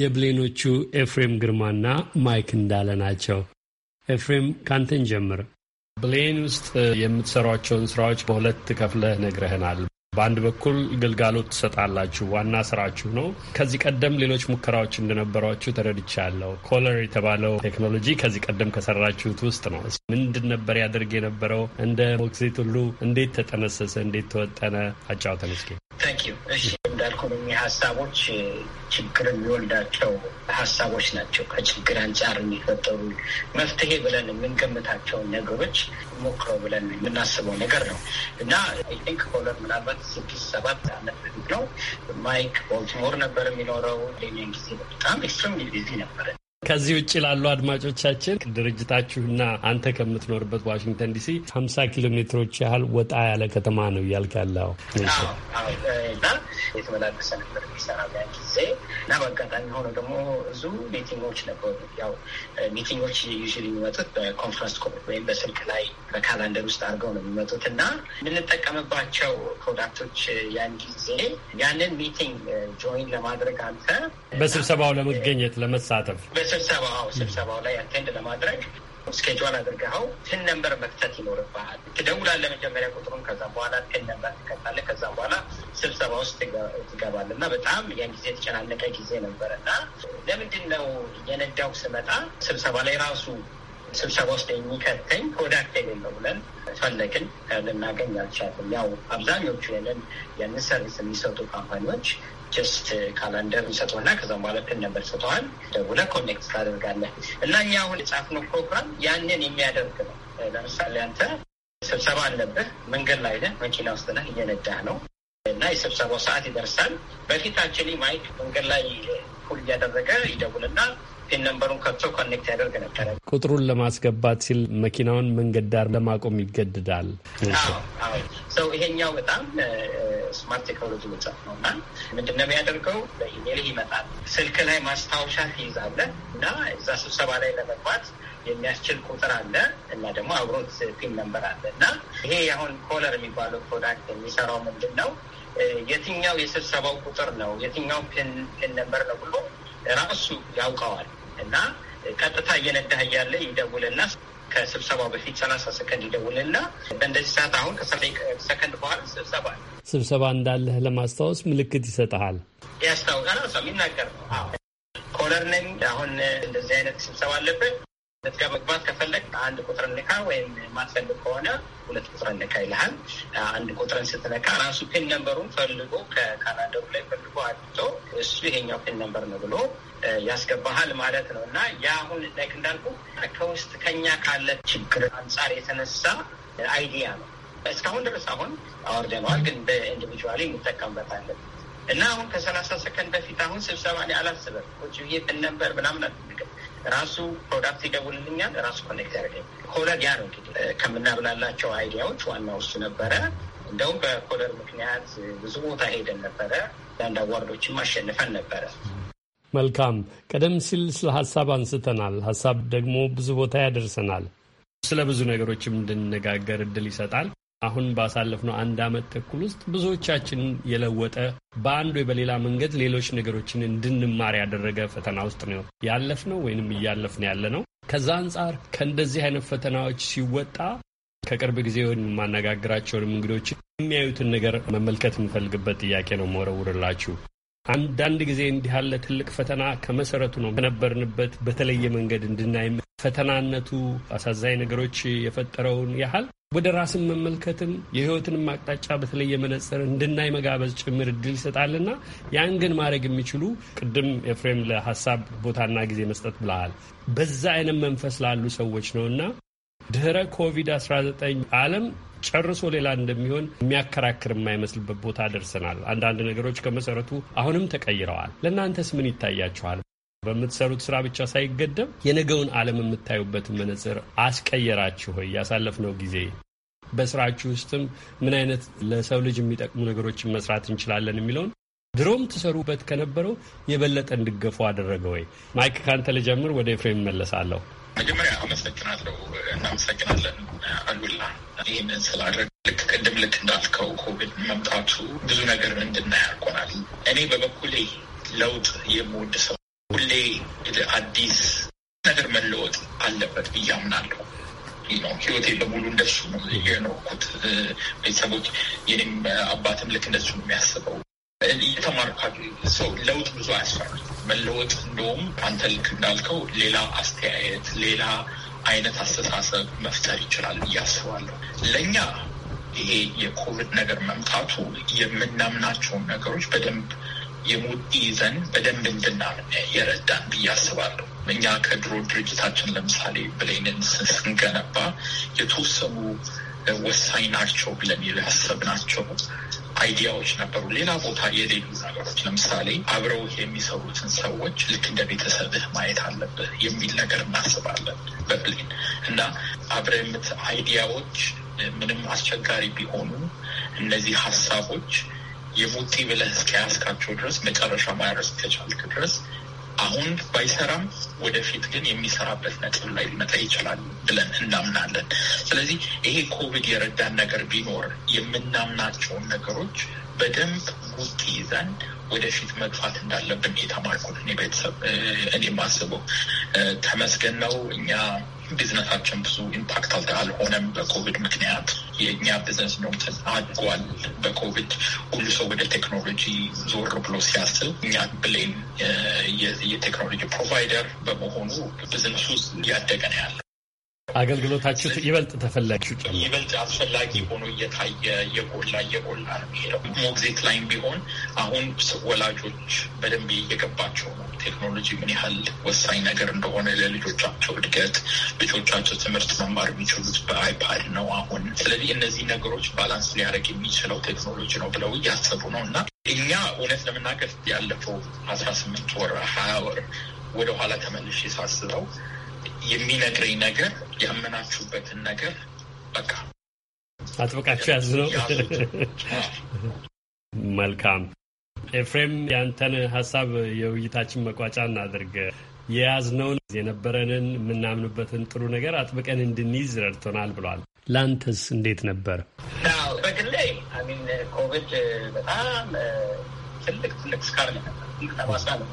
የብሌኖቹ ኤፍሬም ግርማና ማይክ እንዳለ ናቸው። ኤፍሬም ካንተን ጀምር። ብሌን ውስጥ የምትሰሯቸውን ስራዎች በሁለት ከፍለህ ነግረህናል። በአንድ በኩል ግልጋሎት ትሰጣላችሁ፣ ዋና ስራችሁ ነው። ከዚህ ቀደም ሌሎች ሙከራዎች እንደነበሯችሁ ተረድቻለሁ። ኮለር የተባለው ቴክኖሎጂ ከዚህ ቀደም ከሰራችሁት ውስጥ ነው። ምንድን ነበር ያደርግ የነበረው? እንደ ሞክሴት ሁሉ እንዴት ተጠነሰሰ? እንዴት ተወጠነ? አጫውተን እስኪ። እሺ እንዳልኩ ሀሳቦች ችግር የሚወልዳቸው ሀሳቦች ናቸው። ከችግር አንጻር የሚፈጠሩ መፍትሄ ብለን የምንገምታቸው ነገሮች ሞክረው ብለን የምናስበው ነገር ነው እና ኮለር ምናልባት ስድስት ሰባት አመት በፊት ነው። ማይክ ቦልቲሞር ነበር የሚኖረው። ሌኒን ጊዜ በጣም ኤክስትሪም ቢዚ ነበረ። ከዚህ ውጭ ላሉ አድማጮቻችን ድርጅታችሁና አንተ ከምትኖርበት ዋሽንግተን ዲሲ ሀምሳ ኪሎ ሜትሮች ያህል ወጣ ያለ ከተማ ነው እያልክ ያለው እና የተመላለሰ ነበር የሚሰራ ጊዜ እና በአጋጣሚ ሆኖ ደግሞ ብዙ ሚቲንጎች ነበሩ። ያው ሚቲንጎች ዩ የሚመጡት በኮንፈረንስ ኮል ወይም በስልክ ላይ በካላንደር ውስጥ አድርገው ነው የሚመጡት እና የምንጠቀምባቸው ፕሮዳክቶች ያን ጊዜ ያንን ሚቲንግ ጆይን ለማድረግ አንተ በስብሰባው ለመገኘት ለመሳተፍ በስብሰባው ስብሰባው ላይ አቴንድ ለማድረግ ስኬጇል አድርገኸው ትን ነንበር መክተት ይኖርብሃል። ትደውላለህ መጀመሪያ ቁጥሩን፣ ከዛ በኋላ ትን ነንበር ትከታለህ። ከዛ በኋላ ስብሰባ ውስጥ ትገባለህ እና በጣም ያን ጊዜ የተጨናነቀ ጊዜ ነበር እና ለምንድን ነው የነዳው ስመጣ ስብሰባ ላይ ራሱ ስብሰባ ውስጥ የሚከተኝ ፕሮዳክት የሌለው ብለን ፈለግን፣ ልናገኝ አልቻልም። ያው አብዛኞቹ ያንን ሰርቪስ የሚሰጡ ካምፓኒዎች ጀስት ካላንደር እንሰጠውና ከዛም በኋላ ትን ነበር ሰጠዋል ደውለ ኮኔክት ታደርጋለህ እና እኛ አሁን የጻፍነው ፕሮግራም ያንን የሚያደርግ ነው። ለምሳሌ አንተ ስብሰባ አለብህ፣ መንገድ ላይ ነህ፣ መኪና ውስጥ ነህ፣ እየነዳህ ነው እና የስብሰባው ሰዓት ይደርሳል። በፊት አክቹዋሊ ማይክ መንገድ ላይ ሁል እያደረገ ይደውልና ፒን ነንበሩን ከብቶ ኮኔክት ያደርግ ነበረ። ቁጥሩን ለማስገባት ሲል መኪናውን መንገድ ዳር ለማቆም ይገድዳል። ሰው ይሄኛው በጣም ስማርት ቴክኖሎጂ መጽፍ ነው እና ምንድነው የሚያደርገው? በኢሜል ይመጣል። ስልክ ላይ ማስታወሻ ትይዛለህ እና እዛ ስብሰባ ላይ ለመግባት የሚያስችል ቁጥር አለ እና ደግሞ አብሮት ፒን ነንበር አለ እና ይሄ አሁን ኮለር የሚባለው ፕሮዳክት የሚሰራው ምንድን ነው? የትኛው የስብሰባው ቁጥር ነው፣ የትኛው ፒን ነንበር ነው ብሎ ራሱ ያውቀዋል። እና ቀጥታ እየነዳህ እያለ ይደውልና ከስብሰባው በፊት ሰላሳ ሰከንድ ይደውልና በእንደዚህ ሰዓት አሁን ሰከንድ በኋላ ስብሰባ ስብሰባ እንዳለህ ለማስታወስ ምልክት ይሰጠሃል። ያስታውቃል። ሰው ይናገር ነው ኮለር ነኝ አሁን እንደዚህ አይነት ስብሰባ አለበት እዚህ መግባት ከፈለግ አንድ ቁጥር ንካ ወይም ማትፈልግ ከሆነ ሁለት ቁጥር ንካ ይልሃል። አንድ ቁጥርን ስትነካ ራሱ ፒን ነንበሩን ፈልጎ ከካላንደሩ ላይ ፈልጎ አድቶ እሱ ይሄኛው ፒን ነንበር ነው ብሎ ያስገባሃል ማለት ነው። እና ያ አሁን ላይክ እንዳልኩ ከውስጥ ከኛ ካለ ችግር አንጻር የተነሳ አይዲያ ነው። እስካሁን ድረስ አሁን አወርደነዋል፣ ግን በኢንዲቪጁዋሊ እንጠቀምበታለን። እና አሁን ከሰላሳ ሰከንድ በፊት አሁን ስብሰባ ላይ አላስበም ቁጭ ብዬ ፒን ነንበር ምናምን አድርገን ራሱ ፕሮዳክት ይደውልልኛል፣ ራሱ ኮኔክት ያደርገኛል። ኮለር ያ ነው እንግዲህ ከምናብላላቸው አይዲያዎች ዋናው እሱ ነበረ። እንደውም በኮለር ምክንያት ብዙ ቦታ ሄደን ነበረ። ለአንድ አዋርዶችም አሸንፈን ነበረ። መልካም። ቀደም ሲል ስለ ሀሳብ አንስተናል። ሀሳብ ደግሞ ብዙ ቦታ ያደርሰናል። ስለ ብዙ ነገሮችም እንድንነጋገር እድል ይሰጣል። አሁን ባሳለፍነው አንድ ዓመት ተኩል ውስጥ ብዙዎቻችንን የለወጠ በአንድ ወይ በሌላ መንገድ ሌሎች ነገሮችን እንድንማር ያደረገ ፈተና ውስጥ ነው ያለፍነው ወይንም እያለፍን ያለ ነው። ከዛ አንጻር ከእንደዚህ አይነት ፈተናዎች ሲወጣ ከቅርብ ጊዜ የማነጋግራቸውንም እንግዶች የሚያዩትን ነገር መመልከት የምፈልግበት ጥያቄ ነው መወረውርላችሁ። አንዳንድ ጊዜ እንዲህ ያለ ትልቅ ፈተና ከመሰረቱ ነው ከነበርንበት በተለየ መንገድ እንድናይም ፈተናነቱ አሳዛኝ ነገሮች የፈጠረውን ያህል ወደ ራስን መመልከትም የህይወትን አቅጣጫ በተለየ መነጽር እንድናይ መጋበዝ ጭምር እድል ይሰጣልና ያን ግን ማድረግ የሚችሉ ቅድም ኤፍሬም ለሀሳብ ቦታና ጊዜ መስጠት ብለሃል። በዛ አይነት መንፈስ ላሉ ሰዎች ነው እና ድህረ ኮቪድ-19 ዓለም ጨርሶ ሌላ እንደሚሆን የሚያከራክር የማይመስልበት ቦታ ደርሰናል። አንዳንድ ነገሮች ከመሰረቱ አሁንም ተቀይረዋል። ለእናንተስ ምን ይታያችኋል? በምትሰሩት ስራ ብቻ ሳይገደብ የነገውን ዓለም የምታዩበትን መነጽር አስቀየራችሁ ሆይ? ያሳለፍነው ጊዜ በስራችሁ ውስጥም ምን አይነት ለሰው ልጅ የሚጠቅሙ ነገሮችን መስራት እንችላለን የሚለውን ድሮም ትሰሩበት ከነበረው የበለጠ እንድገፉ አደረገ ወይ? ማይክ ካንተ ልጀምር፣ ወደ ኤፍሬም እመለሳለሁ። መጀመሪያ አመሰግናለሁ። እናመሰግናለን አሉላ ይህንን ስላደረግ ልክ ቅድም ልክ እንዳልከው ኮቪድ መምጣቱ ብዙ ነገር እንድናይ አድርጎናል። እኔ በበኩሌ ለውጥ የምወድ ሰው ሁሌ አዲስ ነገር መለወጥ አለበት ብዬ አምናለሁ። ነው። ህይወቴ በሙሉ እንደሱ ነው የኖርኩት። ቤተሰቦች የኔም አባትም ልክ እንደሱ ነው የሚያስበው። የተማርካችሁ ሰው ለውጥ ብዙ አያስፈራል። መለወጥ እንደውም አንተ ልክ እንዳልከው ሌላ አስተያየት፣ ሌላ አይነት አስተሳሰብ መፍጠር ይችላል ብዬ ለእኛ ይሄ የኮቪድ ነገር መምጣቱ የምናምናቸውን ነገሮች በደንብ የሙድ ይዘን በደንብ እንድናምን የረዳን ብዬ አስባለሁ። እኛ ከድሮ ድርጅታችን ለምሳሌ ብሌንን ስንገነባ የተወሰኑ ወሳኝ ናቸው ብለን ያሰብናቸው አይዲያዎች ነበሩ። ሌላ ቦታ የሌሉ ነገሮች ለምሳሌ አብረው የሚሰሩትን ሰዎች ልክ እንደ ቤተሰብህ ማየት አለብህ የሚል ነገር እናስባለን በብሌን እና አብረ የምት አይዲያዎች ምንም አስቸጋሪ ቢሆኑ እነዚህ ሀሳቦች የሙጢ ብለህ እስከያዝካቸው ድረስ መጨረሻ ማድረስ ከቻልክ ድረስ አሁን ባይሰራም ወደፊት ግን የሚሰራበት ነጥብ ላይ ሊመጣ ይችላል ብለን እናምናለን። ስለዚህ ይሄ ኮቪድ የረዳን ነገር ቢኖር የምናምናቸውን ነገሮች በደንብ ውጥ ይዘን ወደፊት መግፋት እንዳለብን የተማርኩት እኔ ቤተሰብ እኔ ማስበው ተመስገን ነው እኛ ቢዝነሳችን ብዙ ኢምፓክት አልሆነም። በኮቪድ ምክንያት የእኛ ቢዝነስ ነው አድጓል። በኮቪድ ሁሉ ሰው ወደ ቴክኖሎጂ ዞር ብሎ ሲያስብ እኛ ብሌን የቴክኖሎጂ ፕሮቫይደር በመሆኑ ብዝነሱ እያደገ ነው ያለ አገልግሎታችሁ ይበልጥ ተፈላጊ ይበልጥ አስፈላጊ ሆኖ እየታየ እየጎላ እየጎላ ነው የሚሄደው። ሞግዚት ላይም ቢሆን አሁን ወላጆች በደንብ እየገባቸው ነው ቴክኖሎጂ ምን ያህል ወሳኝ ነገር እንደሆነ ለልጆቻቸው እድገት። ልጆቻቸው ትምህርት መማር የሚችሉት በአይፓድ ነው አሁን። ስለዚህ እነዚህ ነገሮች ባላንስ ሊያደርግ የሚችለው ቴክኖሎጂ ነው ብለው እያሰቡ ነው እና እኛ እውነት ለመናገር ያለፈው አስራ ስምንት ወር ሀያ ወር ወደኋላ ተመልሼ ሳስበው የሚነግረኝ ነገር ያመናችሁበትን ነገር በቃ አጥብቃችሁ ያዝ ነው። መልካም ኤፍሬም፣ ያንተን ሀሳብ የውይይታችን መቋጫ እናድርግ። የያዝነውን የነበረንን የምናምንበትን ጥሩ ነገር አጥብቀን እንድንይዝ ረድቶናል ብሏል። ለአንተስ እንዴት ነበር? በግሌ ኮቪድ በጣም ትልቅ ትልቅ ስካር ነበር ጠባሳ ነው።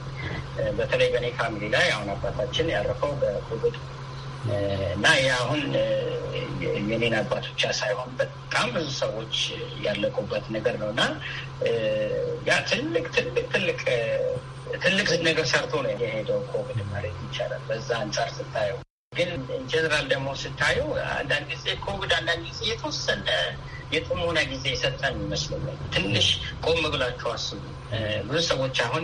በተለይ በእኔ ፋሚሊ ላይ አሁን አባታችን ያረፈው በኮቪድ እና አሁን የኔን አባት ብቻ ሳይሆን በጣም ብዙ ሰዎች ያለቁበት ነገር ነው እና ያ ትልቅ ትልቅ ትልቅ ትልቅ ነገር ሰርቶ ነው የሄደው ኮቪድ ማለት ይቻላል። በዛ አንጻር ስታየው ግን ጀነራል ደግሞ ስታየው አንዳንድ ጊዜ ኮቪድ አንዳንድ ጊዜ የተወሰነ የጥሞና ጊዜ የሰጠን ይመስለኛል። ትንሽ ቆም ብላችሁ አስቡ። ብዙ ሰዎች አሁን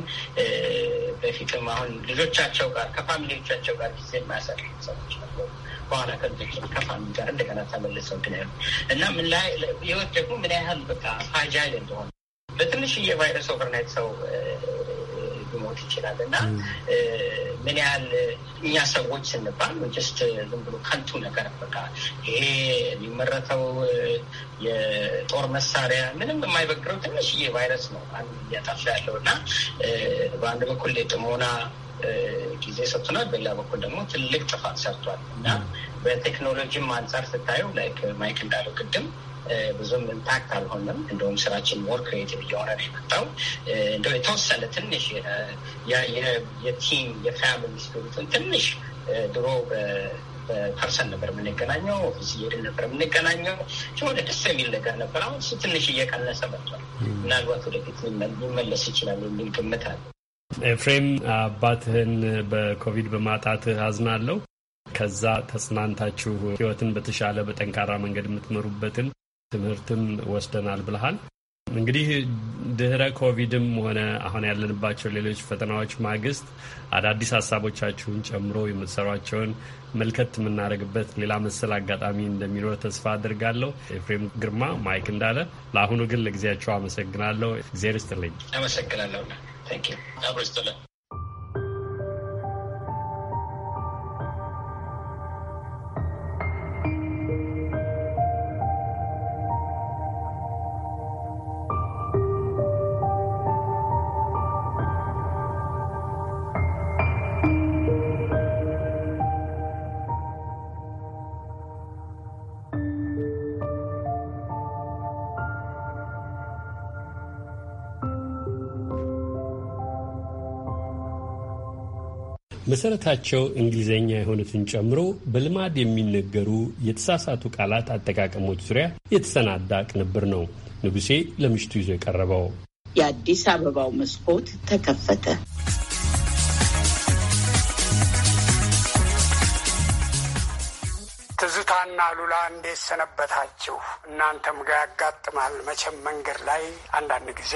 በፊትም አሁን ልጆቻቸው ጋር ከፋሚሊዎቻቸው ጋር ጊዜ የማያሳልፉ ሰዎች ነበሩ። በኋላ ከልጆች ከፋሚሊ ጋር እንደገና ተመልሰው ምክንያቱ እና ምን ላይ ህይወት ደግሞ ምን ያህል በቃ ፋጃይል እንደሆነ በትንሽዬ ቫይረስ ኦቨርናይት ሰው ይችላል እና ምን ያህል እኛ ሰዎች ስንባል ጀስት ዝም ብሎ ከንቱ ነገር በቃ ይሄ የሚመረተው የጦር መሳሪያ ምንም የማይበግረው ይሄ ቫይረስ ነው አንድ እያጠፋ ያለው እና በአንድ በኩል የጥሞና ጊዜ ሰጥቶናል፣ በሌላ በኩል ደግሞ ትልቅ ጥፋት ሰርቷል እና በቴክኖሎጂም አንጻር ስታየው ላይክ ማይክ እንዳለው ቅድም ብዙም ኢምፓክት አልሆነም። እንደውም ስራችን ሞር ክሬቲቭ እየሆነ ነው የመጣው። እንደው የተወሰነ ትንሽ የቲም የፋሚሊ ስፒሪቱን ትንሽ ድሮ በፐርሰን ነበር የምንገናኘው፣ ኦፊስ እየሄድን ነበር የምንገናኘው። የሆነ ደስ የሚል ነገር ነበር። አሁን እሱ ትንሽ እየቀነሰ መጥቷል። ምናልባት ወደፊት ሊመለስ ይችላል የሚል ግምት አለ። ኤፍሬም አባትህን በኮቪድ በማጣትህ አዝናለሁ። ከዛ ተጽናንታችሁ ህይወትን በተሻለ በጠንካራ መንገድ የምትመሩበትን ትምህርትም ወስደናል ብልሃል። እንግዲህ ድህረ ኮቪድም ሆነ አሁን ያለንባቸው ሌሎች ፈተናዎች ማግስት አዳዲስ ሀሳቦቻችሁን ጨምሮ የምትሰሯቸውን መልከት የምናደርግበት ሌላ መሰል አጋጣሚ እንደሚኖር ተስፋ አድርጋለሁ። ኤፍሬም ግርማ፣ ማይክ እንዳለ፣ ለአሁኑ ግን ለጊዜያቸው አመሰግናለሁ። እግዜር ይስጥልኝ። አመሰግናለሁ። መሰረታቸው እንግሊዝኛ የሆኑትን ጨምሮ በልማድ የሚነገሩ የተሳሳቱ ቃላት አጠቃቀሞች ዙሪያ የተሰናዳ ቅንብር ነው ንጉሴ ለምሽቱ ይዞ የቀረበው። የአዲስ አበባው መስኮት ተከፈተ። ትዝታና ሉላ እንዴት ሰነበታችሁ? እናንተም ጋር ያጋጥማል መቼም መንገድ ላይ አንዳንድ ጊዜ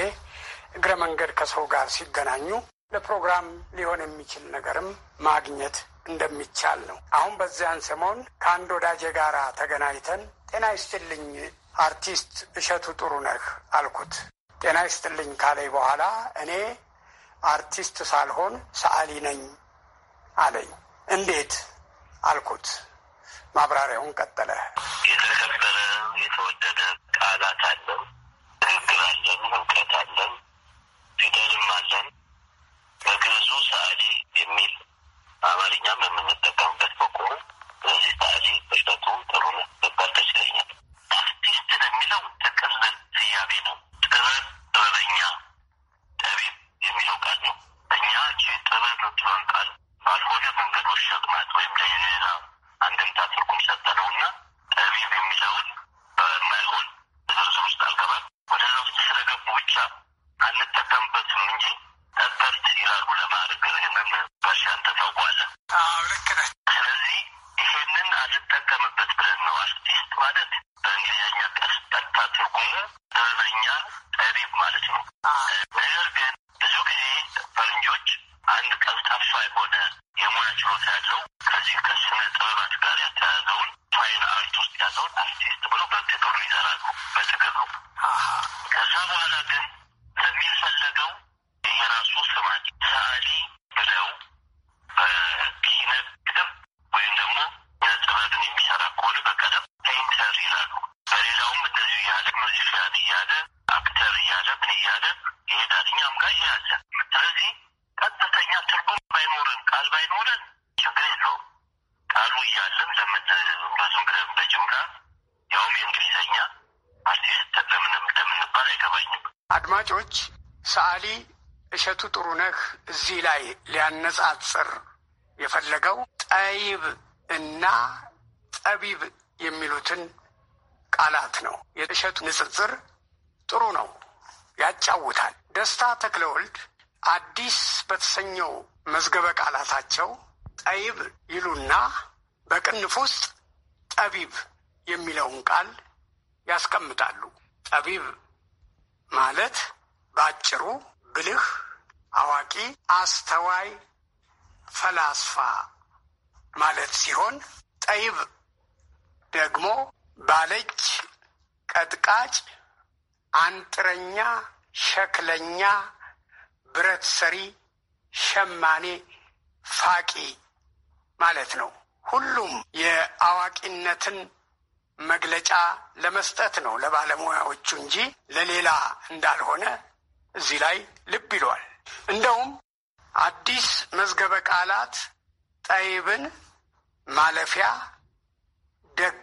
እግረ መንገድ ከሰው ጋር ሲገናኙ ለፕሮግራም ሊሆን የሚችል ነገርም ማግኘት እንደሚቻል ነው። አሁን በዚያን ሰሞን ከአንድ ወዳጄ ጋር ተገናኝተን ጤና ይስጥልኝ አርቲስት እሸቱ ጥሩ ነህ አልኩት። ጤና ይስጥልኝ ካለኝ በኋላ እኔ አርቲስት ሳልሆን ሰዓሊ ነኝ አለኝ። እንዴት አልኩት። ማብራሪያውን ቀጠለ። የተከበረ የተወደደ ቃላት አለን፣ ንግግር አለን፣ እውቀት አለን፣ ፊደልም አለን በግዕዙ ሰዓሊ የሚል አማርኛም የምንጠቀምበት በቆ በዚህ ሰዓሊ እሸቱ ጥሩ ነበር ደስ ይለኛል። አርቲስት የሚለው ጥቅል ስያሜ ነው። ጥበብ፣ ጥበበኛ፣ ጠቢብ የሚለው ቃል ነው። እኛ ቺ ጥበብ ምትሆን ቃል ባልሆነ መንገዶች ሸቅማት ወይም ለሌላ አንድምታ ትርጉም እና ጠቢብ የሚለውን በማይሆን ዝርዝር ውስጥ አልገባም። ወደዛ ውስጥ ስለገቡ ብቻ አንጠቀምበትም እንጂ እንጠቀምበት ብለን ነው። አርቲስት ማለት በተሰኘው መዝገበ ቃላታቸው ጠይብ ይሉና በቅንፍ ውስጥ ጠቢብ የሚለውን ቃል ያስቀምጣሉ። ጠቢብ ማለት በአጭሩ ብልህ፣ አዋቂ፣ አስተዋይ፣ ፈላስፋ ማለት ሲሆን ጠይብ ደግሞ ባለች፣ ቀጥቃጭ፣ አንጥረኛ፣ ሸክለኛ፣ ብረት ሰሪ ሸማኔ፣ ፋቂ ማለት ነው። ሁሉም የአዋቂነትን መግለጫ ለመስጠት ነው ለባለሙያዎቹ እንጂ ለሌላ እንዳልሆነ እዚህ ላይ ልብ ይሏል። እንደውም አዲስ መዝገበ ቃላት ጠይብን ማለፊያ ደግ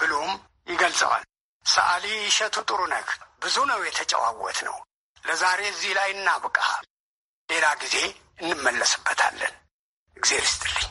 ብሎም ይገልጸዋል። ሰዓሊ እሸቱ ጥሩነህ ብዙ ነው የተጨዋወት ነው። ለዛሬ እዚህ ላይ እናብቃ። ሌላ ጊዜ እንመለስበታለን። እግዜር ይስጥልኝ።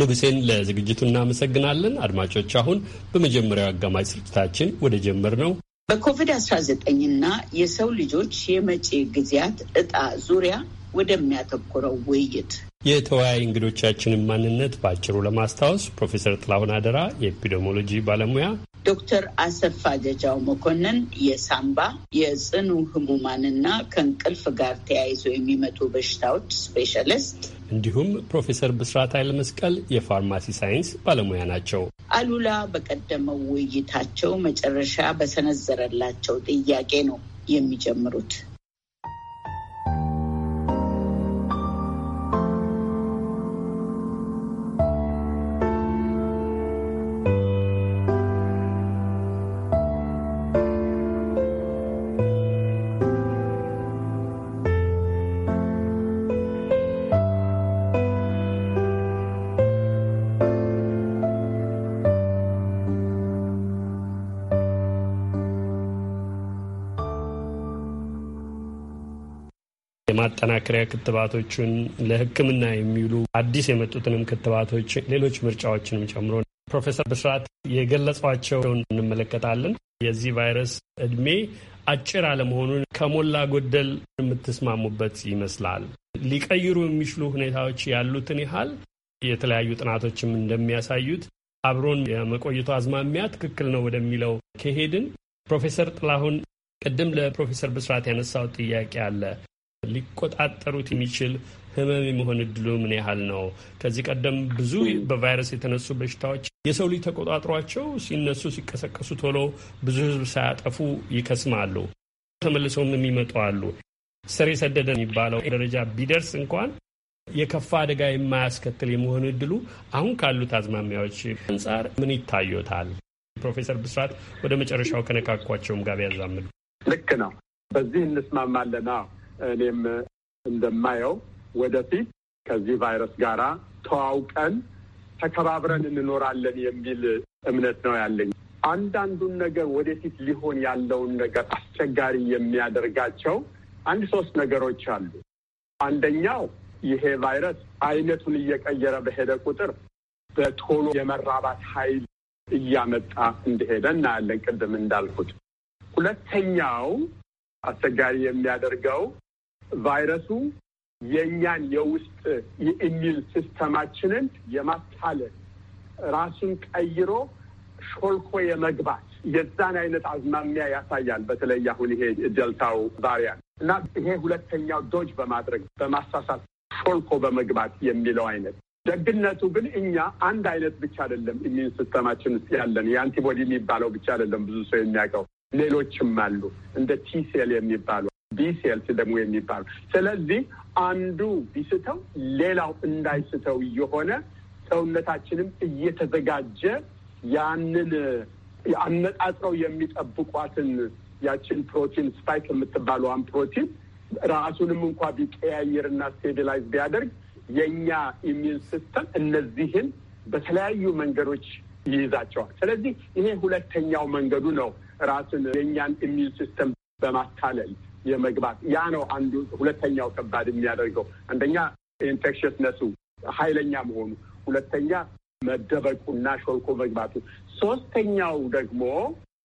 ንጉሴን ለዝግጅቱ እናመሰግናለን። አድማጮች፣ አሁን በመጀመሪያው አጋማሽ ስርጭታችን ወደ ጀመር ነው በኮቪድ-19 እና የሰው ልጆች የመጪ ጊዜያት እጣ ዙሪያ ወደሚያተኩረው ውይይት የተወያይ እንግዶቻችንን ማንነት በአጭሩ ለማስታወስ ፕሮፌሰር ጥላሁን አደራ የኤፒዶሞሎጂ ባለሙያ፣ ዶክተር አሰፋ ጀጃው መኮንን የሳምባ የጽኑ ህሙማንና ከእንቅልፍ ጋር ተያይዘው የሚመጡ በሽታዎች ስፔሻሊስት፣ እንዲሁም ፕሮፌሰር ብስራት ኃይለ መስቀል የፋርማሲ ሳይንስ ባለሙያ ናቸው። አሉላ በቀደመው ውይይታቸው መጨረሻ በሰነዘረላቸው ጥያቄ ነው የሚጀምሩት። ማጠናከሪያ ክትባቶቹን ለሕክምና የሚውሉ አዲስ የመጡትንም ክትባቶች፣ ሌሎች ምርጫዎችንም ጨምሮ ፕሮፌሰር ብስራት የገለጿቸውን እንመለከታለን። የዚህ ቫይረስ እድሜ አጭር አለመሆኑን ከሞላ ጎደል የምትስማሙበት ይመስላል። ሊቀይሩ የሚችሉ ሁኔታዎች ያሉትን ያህል የተለያዩ ጥናቶችም እንደሚያሳዩት አብሮን የመቆየቱ አዝማሚያ ትክክል ነው ወደሚለው ከሄድን ፕሮፌሰር ጥላሁን ቅድም ለፕሮፌሰር ብስራት ያነሳው ጥያቄ አለ። ሊቆጣጠሩት የሚችል ህመም የመሆን እድሉ ምን ያህል ነው? ከዚህ ቀደም ብዙ በቫይረስ የተነሱ በሽታዎች የሰው ልጅ ተቆጣጥሯቸው ሲነሱ ሲቀሰቀሱ ቶሎ ብዙ ህዝብ ሳያጠፉ ይከስማሉ፣ ተመልሰውም የሚመጡ አሉ። ስር የሰደደ የሚባለው ደረጃ ቢደርስ እንኳን የከፋ አደጋ የማያስከትል የመሆን እድሉ አሁን ካሉት አዝማሚያዎች አንጻር ምን ይታዩታል? ፕሮፌሰር ብስራት ወደ መጨረሻው ከነካኳቸውም ጋር ያዛምዱ። ልክ ነው። በዚህ እንስማማለን። እኔም እንደማየው ወደፊት ከዚህ ቫይረስ ጋር ተዋውቀን ተከባብረን እንኖራለን የሚል እምነት ነው ያለኝ። አንዳንዱን ነገር ወደፊት ሊሆን ያለውን ነገር አስቸጋሪ የሚያደርጋቸው አንድ ሶስት ነገሮች አሉ። አንደኛው ይሄ ቫይረስ አይነቱን እየቀየረ በሄደ ቁጥር በቶሎ የመራባት ኃይል እያመጣ እንደሄደ እናያለን። ቅድም እንዳልኩት ሁለተኛው አስቸጋሪ የሚያደርገው ቫይረሱ የእኛን የውስጥ የኢሚል ሲስተማችንን የማታለል ራሱን ቀይሮ ሾልኮ የመግባት የዛን አይነት አዝማሚያ ያሳያል። በተለይ አሁን ይሄ ደልታው ቫሪያንት እና ይሄ ሁለተኛው ዶጅ በማድረግ በማሳሳት ሾልኮ በመግባት የሚለው አይነት ደግነቱ ግን እኛ አንድ አይነት ብቻ አይደለም ኢሚን ሲስተማችን ውስጥ ያለን የአንቲቦዲ የሚባለው ብቻ አይደለም። ብዙ ሰው የሚያውቀው ሌሎችም አሉ እንደ ቲሴል የሚባሉ ቢሴልስ ደግሞ የሚባል ስለዚህ አንዱ ቢስተው ሌላው እንዳይስተው እየሆነ ሰውነታችንም እየተዘጋጀ ያንን አነጣጥረው የሚጠብቋትን ያችን ፕሮቲን ስፓይክ የምትባለዋን ፕሮቲን ራሱንም እንኳ ቢቀያየርና ስቴቢላይዝ ቢያደርግ የእኛ ኢሚዩን ሲስተም እነዚህን በተለያዩ መንገዶች ይይዛቸዋል። ስለዚህ ይሄ ሁለተኛው መንገዱ ነው፣ ራሱን የእኛን ኢሚዩን ሲስተም በማታለል የመግባት ያ ነው አንዱ ሁለተኛው ከባድ የሚያደርገው አንደኛ ኢንፌክሽስነሱ ኃይለኛ መሆኑ፣ ሁለተኛ መደበቁና ሾልኮ መግባቱ፣ ሶስተኛው ደግሞ